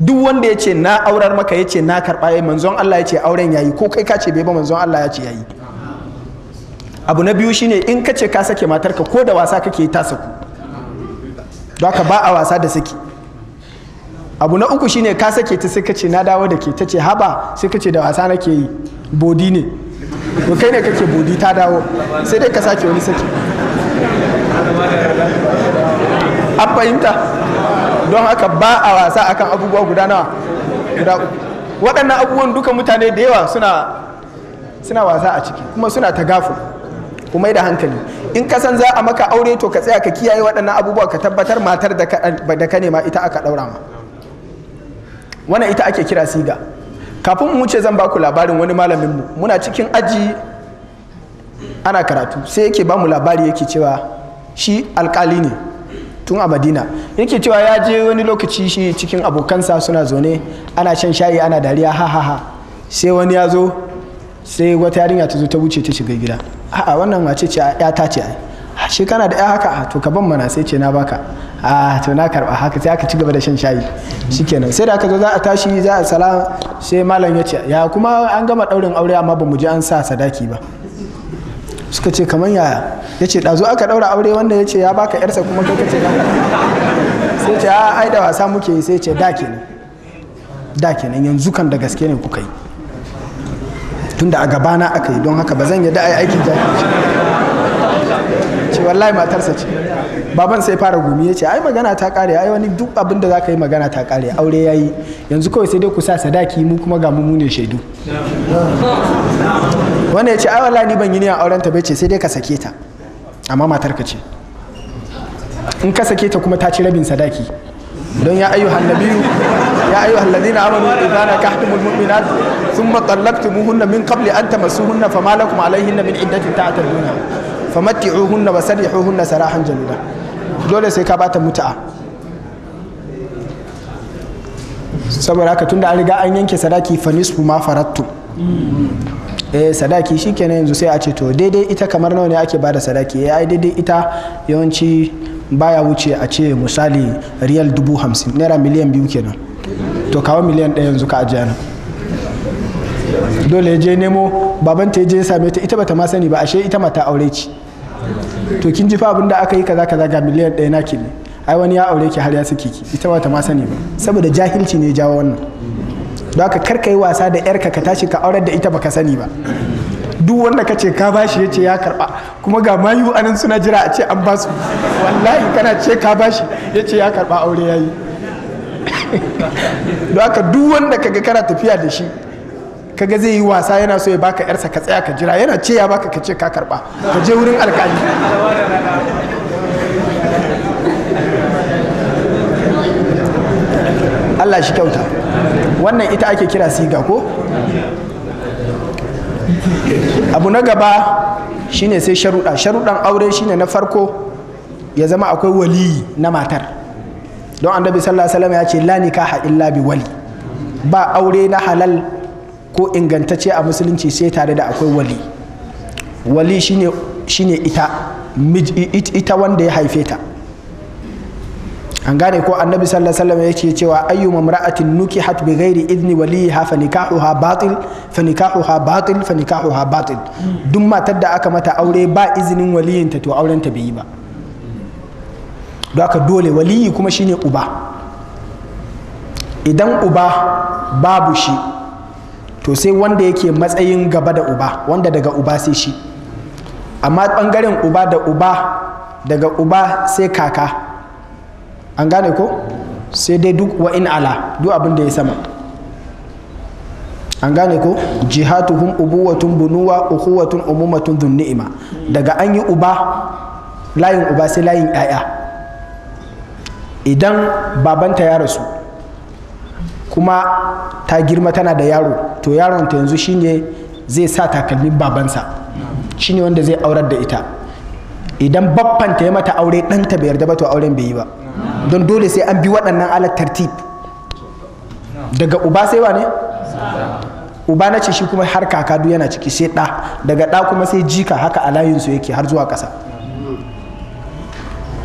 duk wanda ya ce na aurar maka ya ce na karɓa ya eh, manzon Allah ya ce auren yayi ko kai ka ce bai ba manzon Allah ya ce yayi abu na biyu shine in ka ce ka sake matarka ko da wasa kake ta saku don haka ba a wasa da saki abu na uku shine ka sake ta sai kace na dawo da ke ta ce haba sai kace da wasa nake yi bodi ne to kai ne kake bodi ta dawo sai dai ka sake wani saki an fahimta don haka ba a wasa akan abubuwa guda nawa guda uku waɗannan abubuwan duka mutane da yawa suna suna wasa a ciki kuma suna ta gafu kuma da hankali in ka san za a maka aure to ka tsaya ka kiyaye waɗannan abubuwa ka tabbatar matar da ka nema ita aka ɗaura ma wannan ita ake kira siga kafin mu ce zan ba ku labarin wani malamin mu muna cikin aji ana karatu sai yake ba mu labari yake cewa shi alkali ne tun a madina yake cewa ya je wani lokaci shi cikin abokansa suna zaune ana shan shayi ana dariya ha ha ha sai wani ya zo sai wata yarinya ta zo ta wuce ta shiga gida a'a wannan mace ce ya ta ce shi kana da ya haka to ka ban mana sai ce na baka a to na karba haka sai aka ci gaba da shan shayi shikenan sai da aka zo za a tashi za a sala sai malam ya ce ya kuma an gama daurin aure amma ba mu je an sa sadaki ba suka ce kamar yaya ya ce ɗazu aka ɗaura aure wanda ya ce ya baka yarsa kuma kai kace ba sai ce a ai da wasa muke sai ce da kenan da kenan yanzu kan da gaske ne kuka yi tunda a gabana aka yi don haka ba zan yadda a yi aikin jahilci ce wallahi matarsa ce baban sai fara gumi ya ce ai magana ta kare ai wani duk abin da za ka yi magana ta kare aure ya yi yanzu kawai sai dai ku sa sadaki mu kuma ga mu shaidu wanda ya ce ai wallahi ni ban yi niyan auren ta bai ce sai dai ka sake ta amma matar ka ce in ka sake ta kuma ta ci rabin sadaki don ya ayyuhan nabiyu ya ayyuhan ladina amanu idza nakahtumul mu'minat thumma talaqtumuhunna min qabli an tamassuhunna fama lakum alayhinna min iddatin ta'taduna famatti'uhunna wa sarihuhunna sarahan jamila dole sai ka bata muta'a saboda haka tunda an riga an yanke sadaki fa nisfu ma farattu eh sadaki shikenan yanzu sai a ce to daidai ita kamar nawa ne ake bada sadaki ya eh, ai daidai ita yawanci baya wuce a ce misali riyal dubu hamsin naira miliyan biyu kenan to kawo miliyan ɗaya yanzu ka ajiya nan dole je nemo baban ta je same ta ita bata ma sani ba ashe ita mata aure ce to kin ji fa abin da aka yi kaza kaza ga miliyan ɗaya naki ne ai wani ya aure ki har ya saki ki ita bata ma sani ba saboda jahilci ne jawo wannan don haka ka yi wasa da yarka ka tashi ka aurar da ita baka sani ba duk wanda ka ce ka bashi ya ce ya karba kuma ga mayu anan suna jira a ce an ba su wallahi kana ce ka shi ya ce ya karba aure ya yi don haka duk wanda ga kana tafiya da shi kaga zai yi wasa yana so ya baka yarsa ka tsaya ka jira yana ce ya baka ka ce ka karba ka je wurin alkali Allah shi kyauta wannan ita ake kira siga ko abu na gaba shine sai sharuɗa sharuɗan aure shine na farko ya zama akwai wali na matar don annabi sallallahu alaihi ya ce la nikaha illa bi wali ba aure na halal ko ingantacce a musulunci sai tare da akwai wali wali shine shine ita wanda ya haife ta an gane ko annabi sallallahu alaihi wasallam yake cewa ayyuma mar'atin nukihat bi ghairi idni waliha fa nikahuha batil fa nikahuha batil fa nikahuha batil duk matar da aka mata aure ba izinin waliyinta to auren ta bai yi ba don haka dole waliyi kuma shine uba idan uba babu shi to sai wanda yake matsayin gaba da uba wanda daga uba sai shi amma bangaren uba da uba daga uba sai kaka an gane ko sai dai duk wa in ala duk abin da ya sama an gane ko jihatuhum ubuwatun bunuwa ukhuwatun umumatun dhun daga an yi uba layin uba sai layin yaya idan babanta ya rasu kuma ta girma tana da yaro to yaron ta yanzu shine zai sa takalmin babansa shine wanda zai aurar da ita idan ta ya mata aure ɗanta bai yarda ba to auren bai yi ba don dole sai an bi waɗannan alat tartib daga uba sai wa ne uba na ce shi kuma har kaka duk yana ciki sai ɗa daga ɗa kuma sai jika haka a layinsu yake har zuwa ƙasa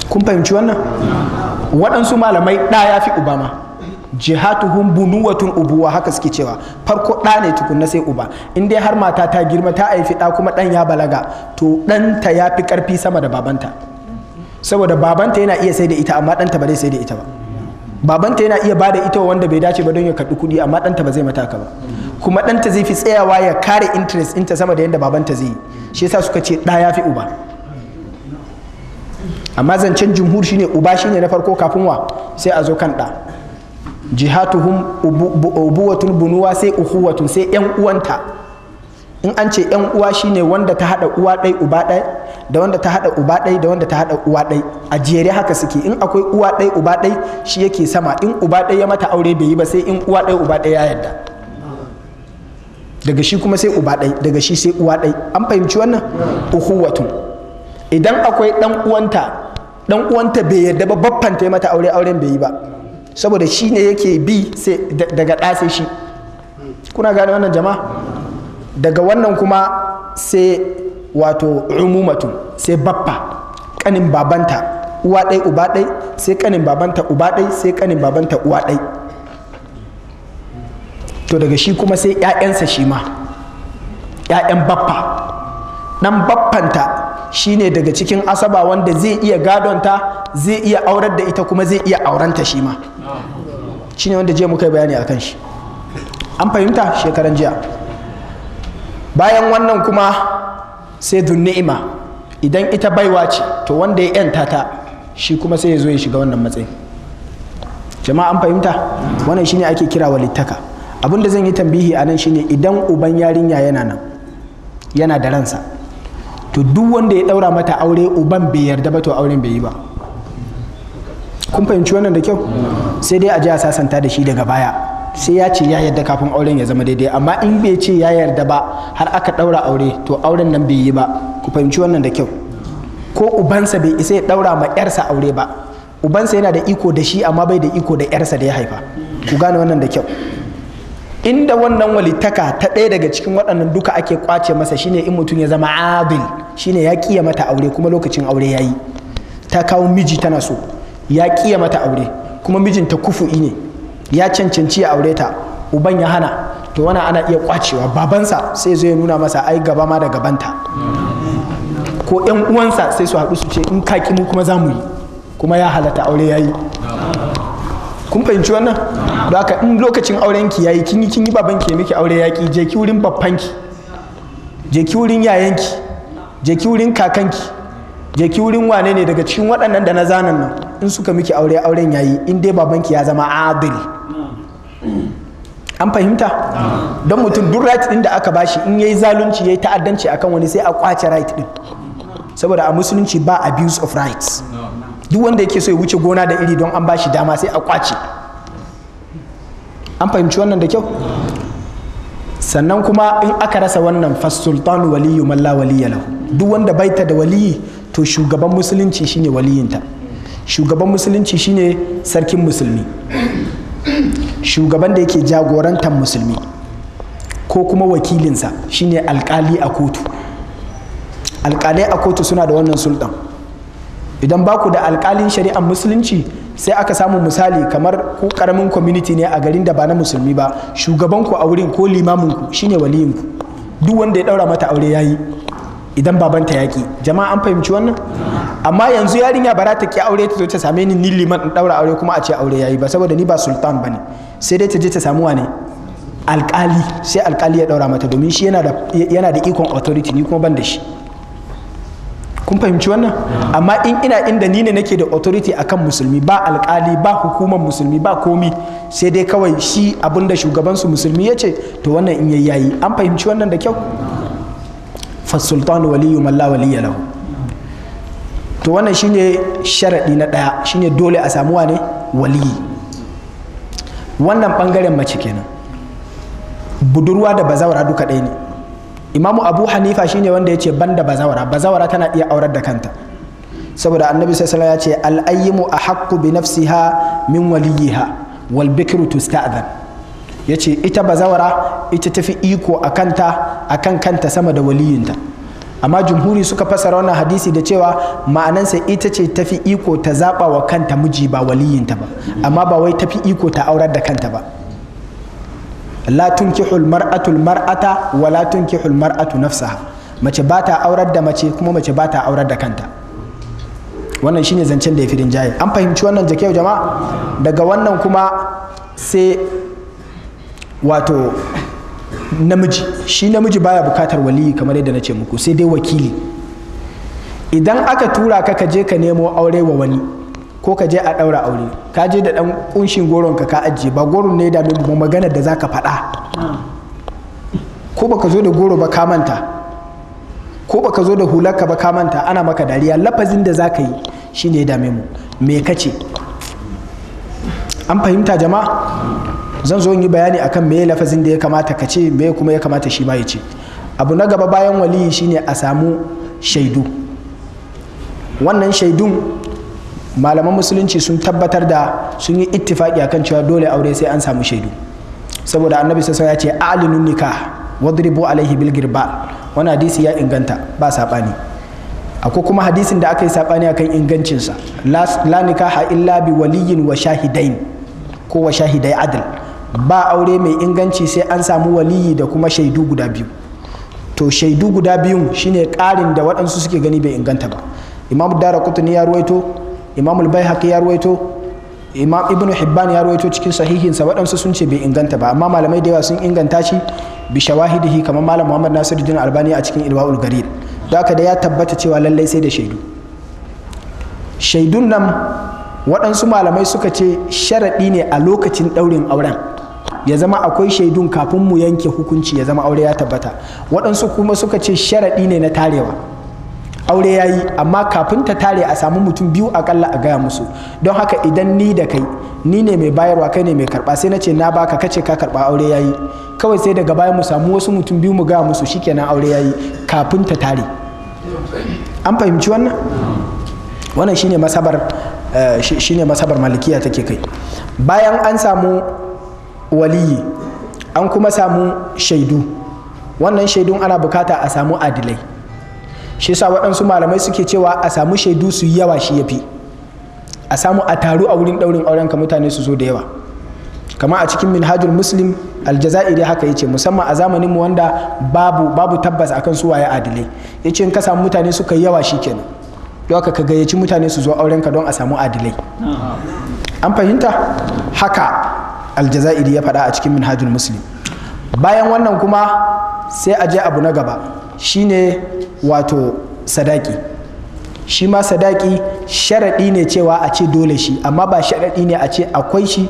kun fahimci wannan waɗansu malamai ɗa ya fi uba ma jihatuhum bunuwatun ubuwa haka suke cewa farko ɗa ne tukunna sai uba in dai har mata ta girma ta haifi ɗa kuma ɗan ya balaga to ɗanta ya fi ƙarfi sama da babanta saboda babanta yana iya sai da ita amma ɗanta ba zai sai da ita ba babanta yana iya bada ita wanda bai dace ba don ya karɓi kuɗi amma ɗanta ba zai mata ba kuma ɗanta zai fi tsayawa ya kare interest inta sama da yadda babanta zai yi shi yasa suka ce ɗaya ya fi uba amma zancen jumhur shine uba shine na farko kafin wa sai a zo kan ɗa jihatuhum ubuwatun bunuwa sai uhuwatun sai yan uwanta in an ce yan uwa shine wanda ta hada uwa ɗai uba ɗai da wanda ta hada uba ɗai da wanda ta hada uwa ɗai a jere haka suke in akwai uwa ɗai uba ɗai shi yake sama in uba ɗai ya mata aure bai yi ba sai in uwa ɗai uba ɗai ya yarda daga shi kuma sai uba ɗai daga shi sai uwa ɗai an fahimci wannan uhuwatun idan akwai dan uwanta dan uwanta bai yarda ba baffanta ya mata aure auren bai yi ba saboda shi ne yake bi sai daga ɗa sai shi kuna gane wannan jama'a daga wannan kuma sai wato umumatu sai baffa kanin babanta uwa ɗai uba ɗai sai kanin babanta uba ɗai sai kanin babanta uwa ɗai to daga shi kuma sai 'ya'yansa shi ma 'ya'yan baffa ɗan baffanta ne daga cikin asaba wanda zai iya gadonta zai iya aurar da ita kuma zai iya auranta shi ma ne wanda jiya muka yi bayani a kan shi an fahimta shekaran jiya bayan wannan kuma sai ni'ima idan ita baiwa ce to wanda ya yanta ta shi kuma sai ya zo ya shiga wannan matsayin jama'a an fahimta wannan shine ake kira walittaka abin da zan yi tambihi a nan shine idan uban yarinya yana nan yana da ransa to duk wanda ya daura mata aure uban bai yarda ba to auren bai yi ba kun fahimci wannan da kyau sai dai a a sasanta da shi daga baya sai ya ce ya yarda kafin auren ya zama daidai amma in bai ce ya yarda ba har aka daura aure to auren nan bai yi ba ku fahimci wannan da kyau ko ubansa bai isa ya daura ma yarsa aure ba ubansa yana da iko da shi amma bai da iko da yarsa da ya haifa ku gane wannan da kyau inda wannan walitaka ta ɗaya daga cikin waɗannan duka ake kwace masa shine in mutum ya zama adil shine ya kiya mata aure kuma lokacin aure ya yi ta kawo miji tana so ya kiya mata aure kuma mijinta kufu'i ne ya cancanci ya aure ta uban ya hana to wani ana iya kwacewa babansa sai zai nuna masa ai gaba ma da gabanta ko yan uwansa sai su haɗu su ce in ka mu kuma za mu yi kuma ya halatta aure ya yi kun fahimci wannan da haka in lokacin aurenki ya yi kin yi kin yi babanki miki aure ya ki je ki wurin ki je ki wurin yayanki je ki wurin kakanki je ki wurin wane ne daga cikin waɗannan da na zanen nan in suka miki aure auren yayi in dai babanki ya zama adil an fahimta don mutum duk right din da aka bashi in yayi zalunci yayi ta'addanci akan wani sai a kwace right din saboda a musulunci ba abuse of rights duk wanda yake so ya wuce gona da iri don an bashi dama sai a kwace an fahimci wannan da kyau sannan kuma in aka rasa wannan sultanu waliyu malla duk wanda baita da waliyi to shugaban musulunci shine waliyinta shugaban musulunci shine sarkin musulmi shugaban da yake jagorantar musulmi ko kuma wakilinsa shine alkali a kotu alkalai a kotu suna da wannan sultan idan baku da alkalin shari'ar musulunci sai aka samu misali kamar ku karamin community ne a garin da ba na musulmi ba shugabanku a wurin ko limaminku shine waliyinku duk wanda ya daura mata aure yayi idan babanta yaƙi jama'a an fahimci wannan amma yanzu yarinya ba za ta ki aure ta zo ta same ni nili man in daura aure kuma a ce aure yayi ba saboda ni ba sultan bane sai dai ta je ta samu wane alƙali sai alƙali ya daura mata domin shi yana da ikon authority ni kuma ban da shi kun fahimci wannan amma in ina inda ni ne nake da authority akan musulmi ba alƙali ba hukumar musulmi ba komi sai dai kawai shi abinda shugabansu musulmi ya ce to wannan in yayi an fahimci wannan da kyau fasultan waliyu malla waliya lahu to wannan shine sharaɗi na ɗaya shine dole a samuwa ne waliyi wannan ɓangaren mace kenan budurwa da bazawara duka ɗaya ne imamu abu hanifa shine wanda ya ce ban da bazawara bazawara tana iya aurar da kanta saboda annabi sai ya ce al'ayyimu a haƙƙu bi nafsiha min waliyiha wal bikru tusta'zan ya ce ita bazawara ita tafi iko a kanta a kan kanta sama da waliyinta amma jumhuri suka fasara wannan hadisi da cewa ma'anansa ita ce tafi iko ta zaɓa wa kanta miji ba waliyinta ba amma ba wai tafi iko ta aurar da kanta ba la tunkihul mar'atul mar'ata wa la tunkihul mar'atu nafsaha mace ba ta aurar da mace kuma mace ba ta aurar da kanta wannan shine zancen da ya fi rinjaye an fahimci wannan jakeu jama'a daga wannan kuma sai wato namiji shi namiji baya bukatar waliyi kamar yadda na ce muku sai dai wakili idan aka tura ka ka je ka nemo aure wa wani ko ka je a ɗaura aure ka je da ɗan ƙunshin goron ka ka ajiye ba goron ne da ba magana da za ka faɗa ko baka zo da goro ba ka manta ko baka zo da hular ka ba ka manta ana maka dariya lafazin da zaka yi shine ya dame mu me kace an fahimta jama'a zan zo yi bayani akan me lafazin da ya kamata ka ce me kuma ya kamata shi ma ya ce abu na gaba bayan waliyi shine a samu shaidu wannan shaidun malaman musulunci sun tabbatar da sun yi ittifaki akan cewa dole aure sai an samu shaidu saboda annabi sassan ya ce alinun nika wadribu alaihi bilgirba ba wani hadisi ya inganta ba saɓani akwai kuma hadisin da aka yi saɓani akan ingancinsa la nikaha illa bi waliyin wa shahidain ko wa shahidai adal ba aure mai inganci sai an samu waliyi da kuma shaidu guda biyu to shaidu guda biyun shine karin da waɗansu suke gani bai inganta ba imam dara kutuni ya ruwaito imam albayhaqi ya ruwaito imam ibn hibban ya ruwaito cikin sahihinsa waɗansu sun ce bai inganta ba amma malamai da yawa sun inganta shi bi shawahidihi kamar malam muhammad nasiruddin albani a cikin ilwaul garir da haka da ya tabbata cewa lallai sai da shaidu shaidun nan waɗansu malamai suka ce sharaɗi ne a lokacin ɗaurin auren ya zama akwai shaidun kafin mu yanke hukunci ya zama aure ya tabbata waɗansu kuma suka ce sharaɗi ne na tarewa aure ya yi amma kafin ta tare a samu mutum biyu akalla a gaya musu don haka idan ni da kai ni ne mai bayarwa kai ne mai karɓa sai na ce na baka kace ka karɓa aure ya yi kawai sai daga baya mu samu wasu mutum biyu mu gaya musu shikenan aure ya yi kafin ta tare an fahimci wannan wannan shine masabar eh, shine masabar malikiya take kai bayan an samu waliyi an kuma samu shaidu wannan shaidun ana bukata a samu adilai shi yasa waɗansu malamai suke cewa a samu shaidu su yi yawa shi ya fi a samu a taru a wurin ɗaurin auren ka mutane su zo da yawa kama a cikin minhajul muslim aljazairi haka yace musamman a zamanin mu wanda babu babu tabbas akan su waye adilai yace in ka samu mutane suka yawa kenan don haka ka gayyaci mutane su zo auren ka don a samu adilai an fahimta haka aljazairi ya faɗa a cikin minhajul muslim bayan wannan kuma sai a je abu na gaba shine wato sadaki shi ma sadaki sharaɗi ne cewa a ce dole shi amma ba sharaɗi ne a ce akwai shi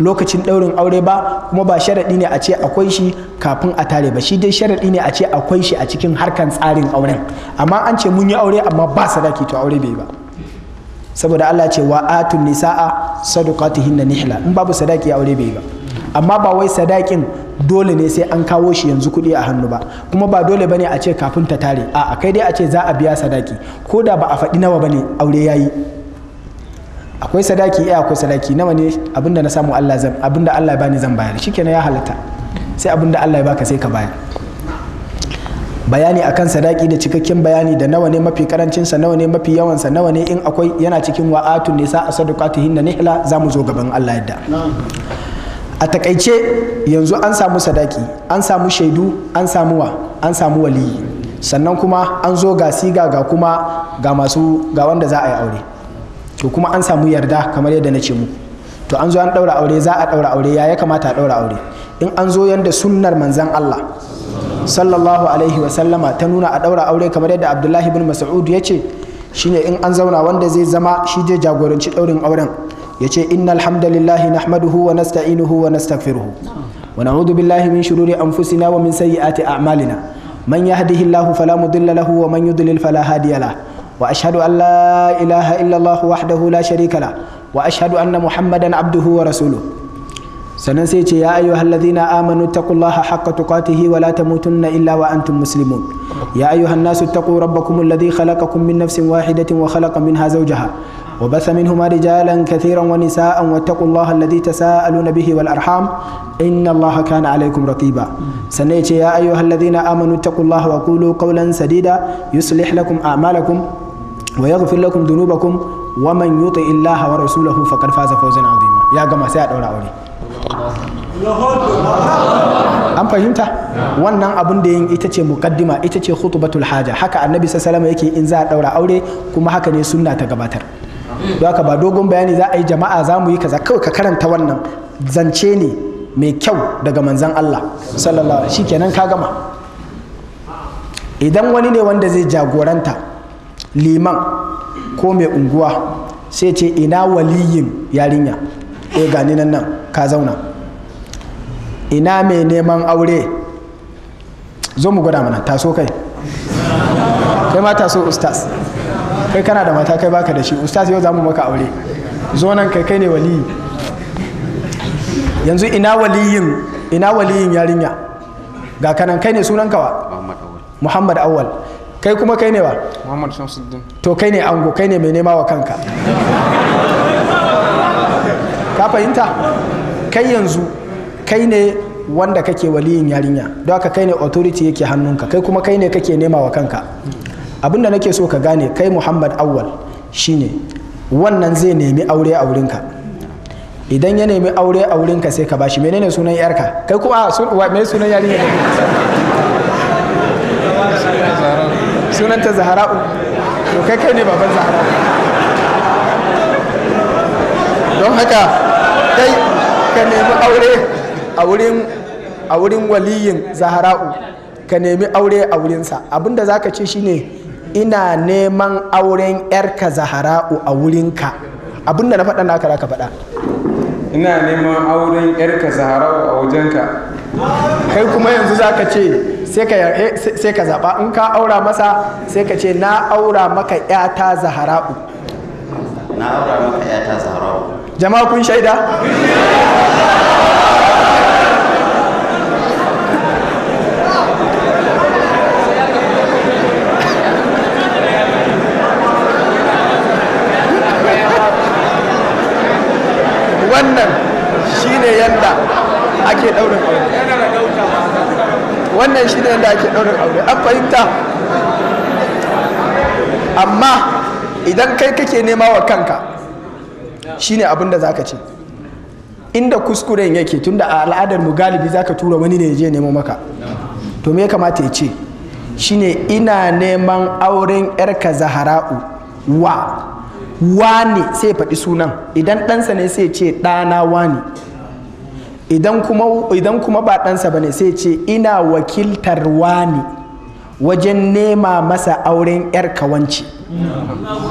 lokacin ɗaurin aure ba kuma ba sharaɗi ne a ce akwai shi kafin a tare ba shi dai sharaɗi ne a ce akwai shi a cikin harkan tsarin auren amma an ce mun yi aure amma ba sadaki to aure bai ba saboda Allah ce wa atun nisa'a na nihila in babu sadaki ya aure bai ba amma ba wai sadakin dole ne sai an kawo shi yanzu kuɗi a hannu ba kuma ba dole bane a ce kafin ta tare a kai dai a ce za a biya sadaki ko da ba a faɗi nawa bane aure ya yi akwai sadaki eh akwai sadaki nawa ne abinda na samu Allah zan abinda Allah ya bani zan bayar shikenan ya halatta sai abinda Allah ya baka sai ka bayar bayani akan sadaki da cikakken bayani da nawa ne mafi karancin sa nawa ne mafi yawan sa nawa ne in akwai yana cikin wa'atun nisa a hinna nihla mu zo gaban Allah yadda a takaice yanzu an samu sadaki an samu shaidu an samu wa an samu waliyi sannan kuma an zo ga siga ga kuma ga masu ga wanda za a yi aure to kuma an samu yarda kamar yadda na ce muku to an zo an daura aure za a daura aure ya ya kamata a daura aure in an zo yanda sunnar manzan Allah sallallahu alaihi wasallama ta nuna a ɗaura aure kamar yadda abdullahi bin mas'ud ya ce shine in an zauna wanda zai zama shi zai jagoranci daurin auren ya ce inna alhamdulillahi nahmaduhu wa nasta'inuhu wa nastaghfiruhu wa na'udhu billahi min shururi anfusina wa min sayyiati a'malina man yahdihillahu fala mudilla lahu wa man yudlil fala hadiya wa ashhadu an la ilaha illa allah wahdahu la sharika la wa ashhadu anna muhammadan abduhu wa rasuluhu sannan sai ce ya ayyuhal ladhina amanu taqullaha haqqa tuqatihi wa la tamutunna illa wa antum muslimun ya ayyuhan nasu taqu rabbakum alladhi khalaqakum min nafsin wahidatin wa khalaqa minha zawjaha وبث منهما رجالا كثيرا ونساء واتقوا الله الذي تساءلون به والأرحام إن الله كان عليكم رقيبا سنيت يا أيها الذين آمنوا اتقوا الله وقولوا قولا سديدا يصلح لكم أعمالكم ويغفر لكم ذنوبكم ومن يطع الله ورسوله فقد فاز فوزا عظيما يا جماعة سيادة ولا أولي an fahimta wannan abin da yin ita ce mukaddima ita ce khutbatul haja haka annabi sallallahu yake in za a daura aure kuma haka ne sunna ta gabatar don haka ba dogon bayani za a yi jama'a za mu yi kaza kawai ka karanta wannan zance ne mai kyau daga manzan Allah sallallahu alaihi kenan ka gama idan wani ne wanda zai jagoranta liman ko mai unguwa sai ce ina waliyin yarinya eh gani nan nan ka zauna ina mai neman aure zo mu gwada mana taso kai kai ma taso ustaz kai kana da mata kai baka da shi ustaz yau za mu maka aure zo nan kai kai ne waliyi yanzu ina waliyin ina waliyin yarinya ga kanan kai ne sunan kawa muhammad awwal kai kuma kai ne wa muhammad shamsuddin to kai ne ango kai ne mai nema wa kanka fahimta kai yanzu kai ne wanda kake waliyin yarinya don haka kai ne authority yake hannunka kai kuma kai ne kake nema wa kanka abinda nake so ka gane kai muhammad awwal shine wannan zai nemi aure a wurinka idan ya nemi aure a wurinka sai ka bashi menene sunan yarka kai kuma ah, a mai sunan yarinya sunan ta zahara'u to kai kai ne baban zahara'u don haka dai ka nemi aure a wurin waliyin zahara'u ka nemi aure a wurinsa abinda za ka ce shine ina neman auren yarka zahara'u a wurinka abinda na faɗa naka ka ka faɗa ina neman auren yarka zahara'u a wajenka kai kuma yanzu za ka ce sai ka zaɓa in ka aura masa sai ka ce na aura maka yata zahara'u na aura maka yata zahara'u jama'a kun shaida wannan shine yadda ake daurin aure wannan shine yadda ake daurin aure an fahimta amma idan kai kake nema wa kanka shine abin da zaka ce inda kuskuren yake tunda a al'adar mu galibi zaka tura wani ne je nemo maka to me ya kamata ya ce shine ina neman auren yarka zahara'u wa wani sai faɗi sunan idan ɗansa ne sai ce ɗana wani idan kuma idan kuma ba ɗansa ba ne sai ce ina wakiltar wani wajen nema masa auren yar kawanci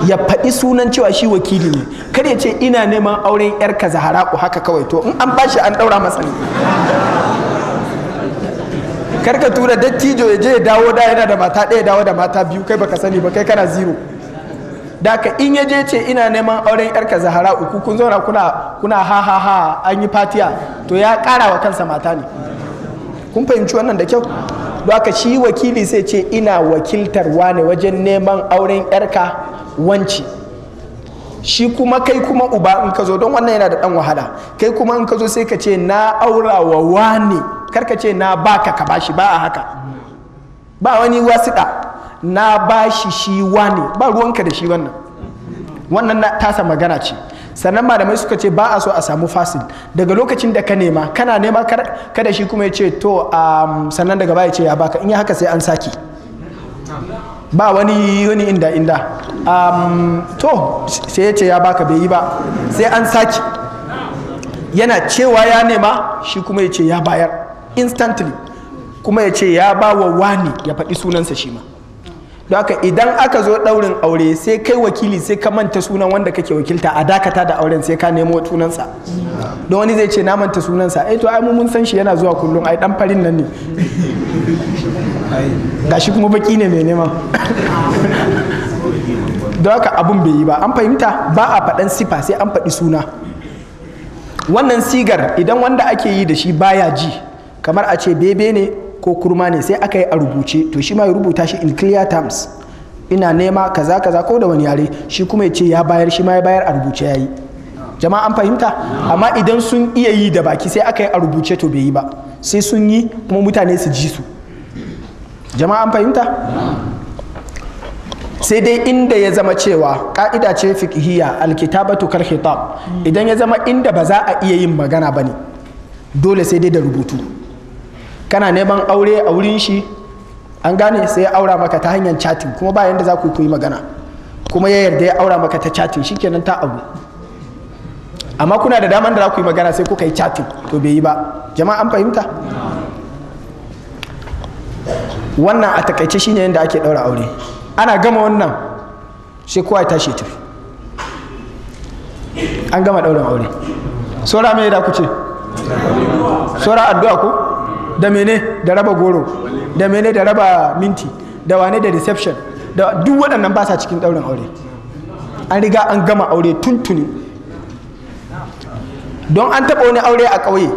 ya faɗi sunan cewa shi wakili ne kar ya ce ina neman auren yarka ka ku haka kawai to in an bashi an ɗaura masa ne kar ka tura dattijo ya je ya dawo da yana da mata ɗaya dawo da mata biyu kai baka sani ba kai kana zero daka in ya je ce ina neman auren yarka zahara uku kun zauna kuna kuna ha ha ha an yi fatiya to ya ƙara wa kansa mata ne kun fahimci wannan da kyau don haka shi wakili sai ce ina wakiltarwa ne wajen neman auren yarka wanci shi kuma kai kuma uba in ka zo don wannan yana da dan wahala kai kuma in ka zo sai ka ce na aura wa wani kar ce na baka ka bashi ba a haka ba wani wasiɗa na bashi shi wani ba ruwanka da shi wannan wannan tasa magana ce sannan malamai suka ce ba a so a samu fasil daga lokacin da ka nema kana nema kada shi kuma ya ce to um, sannan daga baya ce ya baka in yi haka sai an saki ba wani wani inda inda um, to sai ya ce ya baka bai yi ba sai an saki yana cewa ya nema shi kuma ya ce ya bayar instantly kuma ya ce ya ba wa wani ya faɗi sunansa shi ma don haka idan aka zo daurin aure sai kai wakili sai ka manta sunan wanda kake wakilta a dakata da auren sai ka nemo sunansa don wani zai ce na manta sunansa ai eh, to ai mun san shi yana zuwa kullum ai dan farin nan ne gashi kuma baki ne mai nema don haka abun bai yi ba an fahimta ba a faɗan sifa sai an faɗi suna wannan sigar idan wanda ake yi da shi baya ji kamar a ce bebe ne ko kurma ne sai aka yi a rubuce to shi ma ya rubuta shi in clear terms ina nema kaza kaza ko da wani yare shi kuma ya ce ya bayar shi ma ya bayar a rubuce ya yi jama'a an fahimta amma idan sun iya yi da baki sai aka yi a rubuce to bai yi ba sai sun yi kuma mutane su ji su jama'a an fahimta sai dai inda ya zama cewa ka'ida ce fiqhiyya alkitabatu to khitab idan ya zama inda ba za a iya yin magana ba ne dole sai dai da rubutu kana neman aure a wurin shi an gane sai ya aura maka ta hanyar chatin kuma ba yanda za ku yi magana kuma ya yarda ya aura maka ta chatin shikenan ta abu amma kuna da daman da za ku yi magana sai kuka yi chatin to bai yi ba jama'a an fahimta wannan a takaice shine yadda ake daura aure ana gama wannan sai kowa ya tashi tafi an gama daura aure saura me da ku ce saura addu'a ku da mene da raba goro da mene da raba minti da wane da reception da duk waɗannan ba sa cikin ɗaurin aure an riga an gama aure tuntuni don an taɓa wani aure a ƙauye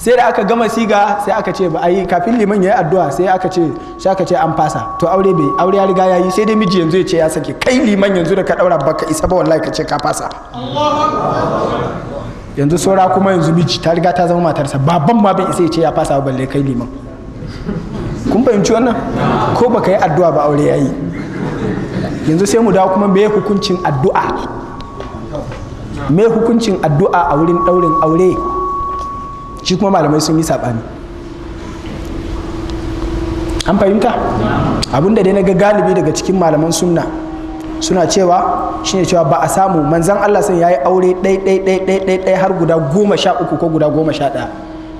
sai da aka gama siga sai aka ce ba a yi kafin liman ya yi addu'a sai aka ce sai aka ce an fasa to aure bai aure ya riga ya yi sai dai miji yanzu ya ce ya sake kai liman yanzu da ka ɗaura baka isa ba wallahi ka ce ka fasa yanzu saura kuma yanzu miji ta riga ta zama matarsa babban ma bai isa ya ce ya fasa balle kai liman kun fahimci wannan ko baka yi addu'a ba aure yayi yanzu sai mu dawo kuma me hukuncin addu'a me hukuncin addu'a a wurin daurin aure shi kuma malamai sun yi saɓani an fahimta abinda dai na ga galibi daga cikin malaman sunna suna cewa shine cewa ba a samu manzan Allah sun yayi aure ɗai ɗai ɗai ɗai ɗai ɗai har guda goma sha uku ko guda goma sha ɗaya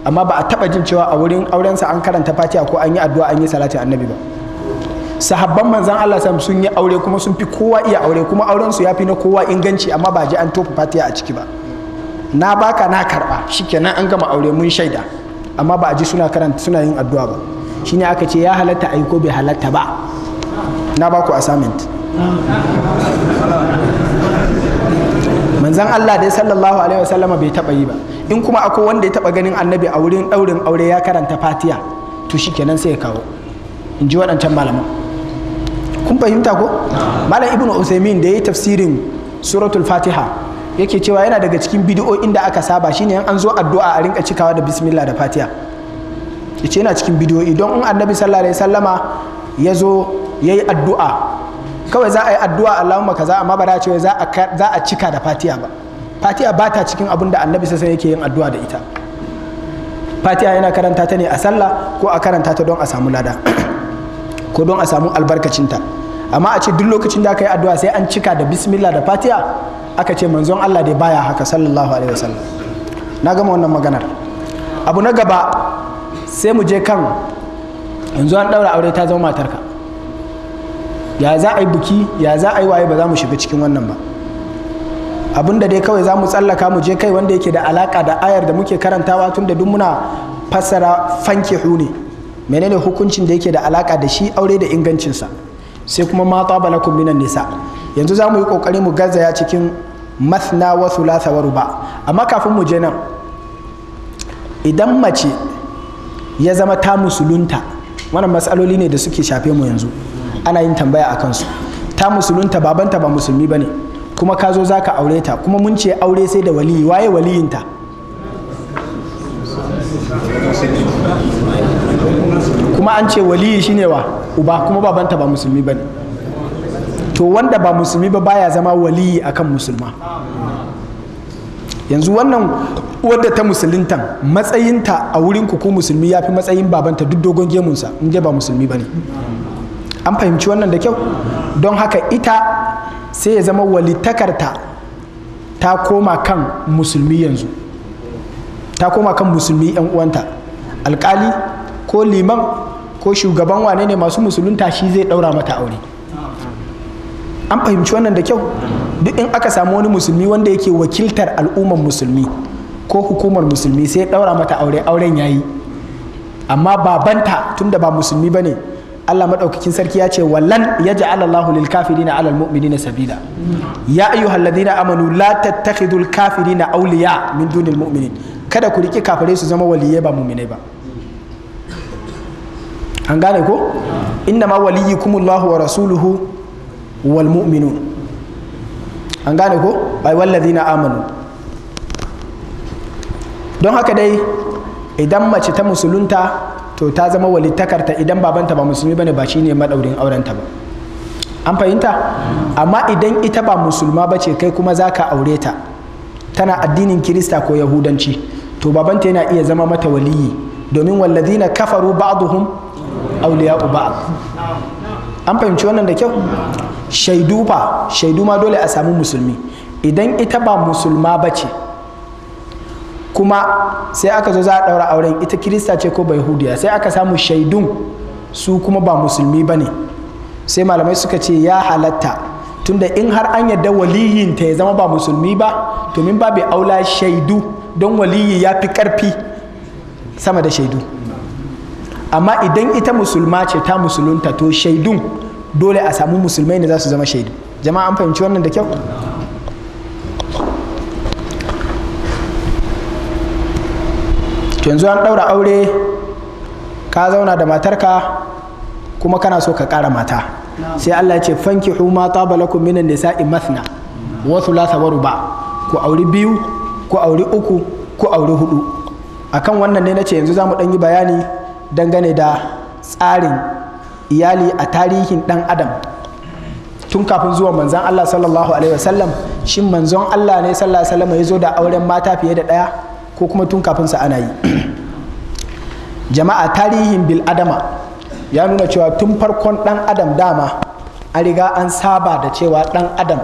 amma ba a taɓa jin cewa a wurin aurensa an karanta fatiha ko an yi addu'a an yi salatin annabi ba sahabban manzan Allah sam sun yi aure kuma sun fi kowa iya aure kuma auren su fi na kowa inganci amma ba ji an tofa fatiha a ciki ba na baka na karba shikenan an gama aure mun shaida amma ba a ji suna karanta suna yin addu'a ba shine aka ce ya halatta ayi ko bai halatta ba na baku assignment manzan Allah dai sallallahu alaihi sallama bai taba yi ba in kuma akwai wanda ya taba ganin annabi a wurin daurin aure ya karanta fatiya to shikenan sai ya kawo in ji waɗancan malaman kun fahimta ko malam ibnu usaimin da ya yi tafsirin suratul fatiha yake cewa yana daga cikin bidiyo'in da aka saba shine an zo addu'a a rinka cikawa da bismillah da fatiha yace yana cikin bidiyo don in annabi sallallahu alaihi wasallama ya zo ya yi addu'a kawai za a yi addu'a Allahumma kaza amma ba ce za a za a cika da fatiha ba fatiha ba ta cikin abin da annabi sai yake yin addu'a da ita fatiha yana karanta ta ne a sallah ko a karanta ta don a samu lada ko don a samu albarkacinta amma a ce duk lokacin da aka yi addu'a sai an cika da bismillah da fatiya aka ce manzon Allah dai baya haka sallallahu alaihi wasallam na gama wannan maganar abu na gaba sai mu je kan yanzu an daura aure ta zama matarka ya za a yi biki ya za a yi waye ba za mu shiga cikin wannan ba abin da dai kawai za mu tsallaka mu je kai wanda yake da alaka da ayar da muke karantawa tun da duk muna fassara fanke ne menene hukuncin da yake da alaka da shi aure da ingancinsa sai kuma mata balakun minan nisa yanzu za mu yi kokari mu ya cikin mathna wa thulatha wa ruba amma kafin mu je nan idan mace ya zama ta musulunta wannan matsaloli ne da suke shafe mu yanzu ana yin tambaya a kansu ta musulunta babanta ba musulmi ba ne kuma ka zo za ka aure ta kuma mun ce aure sai da waliyi waye waliyinta kuma an ce waliyi shine wa uba kuma babanta ba musulmi ba ne to wanda ba musulmi ba baya zama waliyi akan musulma yanzu wannan wadda ta musuluntan matsayinta a wurin ku musulmi ya fi matsayin babanta duk dogon gemunsa in ba musulmi ba ne an fahimci wannan da kyau don haka ita sai ya zama walitakarta ta koma kan musulmi yanzu ta koma kan musulmi yan uwanta alkali ko liman ko shugaban wane ne masu musulunta shi zai daura mata aure an fahimci wannan da kyau duk in aka samu wani musulmi wanda yake wakiltar al'ummar musulmi ko hukumar musulmi sai daura mata aure auren yayi amma babanta tunda ba musulmi bane ne Allah madaukakin sarki ya ce wallan ya ji Allahu lil kafirina 'ala al na sabila ya ayyuhalladhina amanu la kafiri kafirina auliya min dunil mu'minin kada ku riki kafare su zama waliyai ba mu'minai ba an gane ko inna ma waliyukumullahu wa rasuluhu wal mu'minun an gane ko bai walladhina amanu don haka dai idan mace ta musulunta to ta zama walittakarta idan babanta ba musulmi bane ba shi ne madaurin aurenta ba an fahimta amma idan ita ba musulma ba ce kai kuma za ka aure ta tana addinin kirista ko yahudanci to babanta yana iya zama mata waliyi domin walladina kafaru ba'duhum awliya'u ba'd an fahimci wannan da kyau shaidu ba shaidu ma dole a samu musulmi idan ita ba musulma ba ce kuma sai aka zo za a ɗaura auren ita kirista ce ko bai hudiya sai aka samu shaidun su kuma ba musulmi ba ne sai malamai suka ce ya halatta tunda in har an yadda ta ya zama ba musulmi ba to min ba bai aula shaidu don waliyi ya fi ƙarfi sama da shaidu amma idan ita musulma ce ta musulunta to shaidun dole a samu musulmai ne za su zama shaidu jama'a an fahimci wannan da kyau yanzu an ɗaura aure ka zauna da matarka kuma kana so ka ƙara mata sai Allah ya ce fanki huma taba lakum minan nisa'i mathna wa thulatha wa ba ku auri biyu ku auri uku ku auri hudu akan wannan ne na ce yanzu zamu mu yi bayani dangane da tsarin iyali a tarihin dan adam tun kafin zuwa manzon Allah sallallahu alaihi wasallam shin manzon Allah ne sallallahu alaihi wasallam ya zo da auren mata fiye da ɗaya ko kuma tun kafin sa ana yi jama'a tarihin bil adama ya nuna cewa tun farkon dan adam dama an riga an saba da cewa dan adam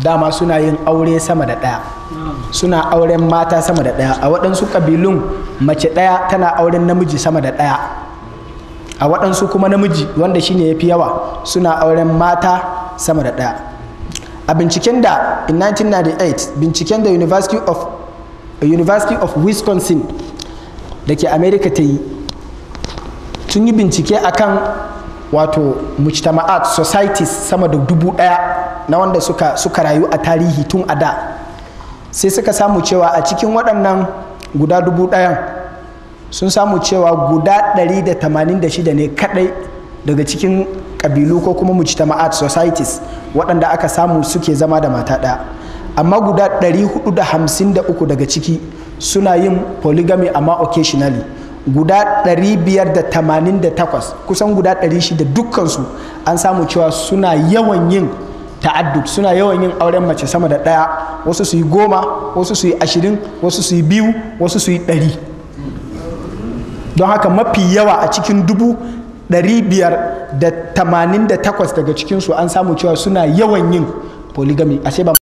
dama suna yin aure sama da ɗaya suna auren mata sama da ɗaya a waɗansu ƙabilun mace ɗaya tana auren namiji sama da ɗaya a waɗansu kuma namiji wanda shine ya fi yawa suna auren mata sama da ɗaya a binciken da in 1998 binciken da university of a university of wisconsin da ke america ta yi sun yi bincike akan wato mujtama'at societies sama da dubu daya na wanda suka, suka rayu a tarihi tun a da sai suka samu cewa a cikin waɗannan guda dubu ɗayan sun samu cewa guda 186 ne kadai daga cikin ƙabilu ko kuma mujtama'at societies waɗanda aka samu suke zama da mata ɗaya amma guda 453 daga ciki suna yin polygamy amma occasionally guda 588 kusan guda 600 dukkansu an samu cewa suna yawan yin ta'addud suna yawan yin auren mace sama da ɗaya wasu su yi goma wasu su yi ashirin wasu su yi biyu wasu su yi ɗari don haka mafi yawa a cikin dubu ɗari biyar da tamanin da takwas daga cikinsu an samu cewa suna yawan yin polygamy sai ba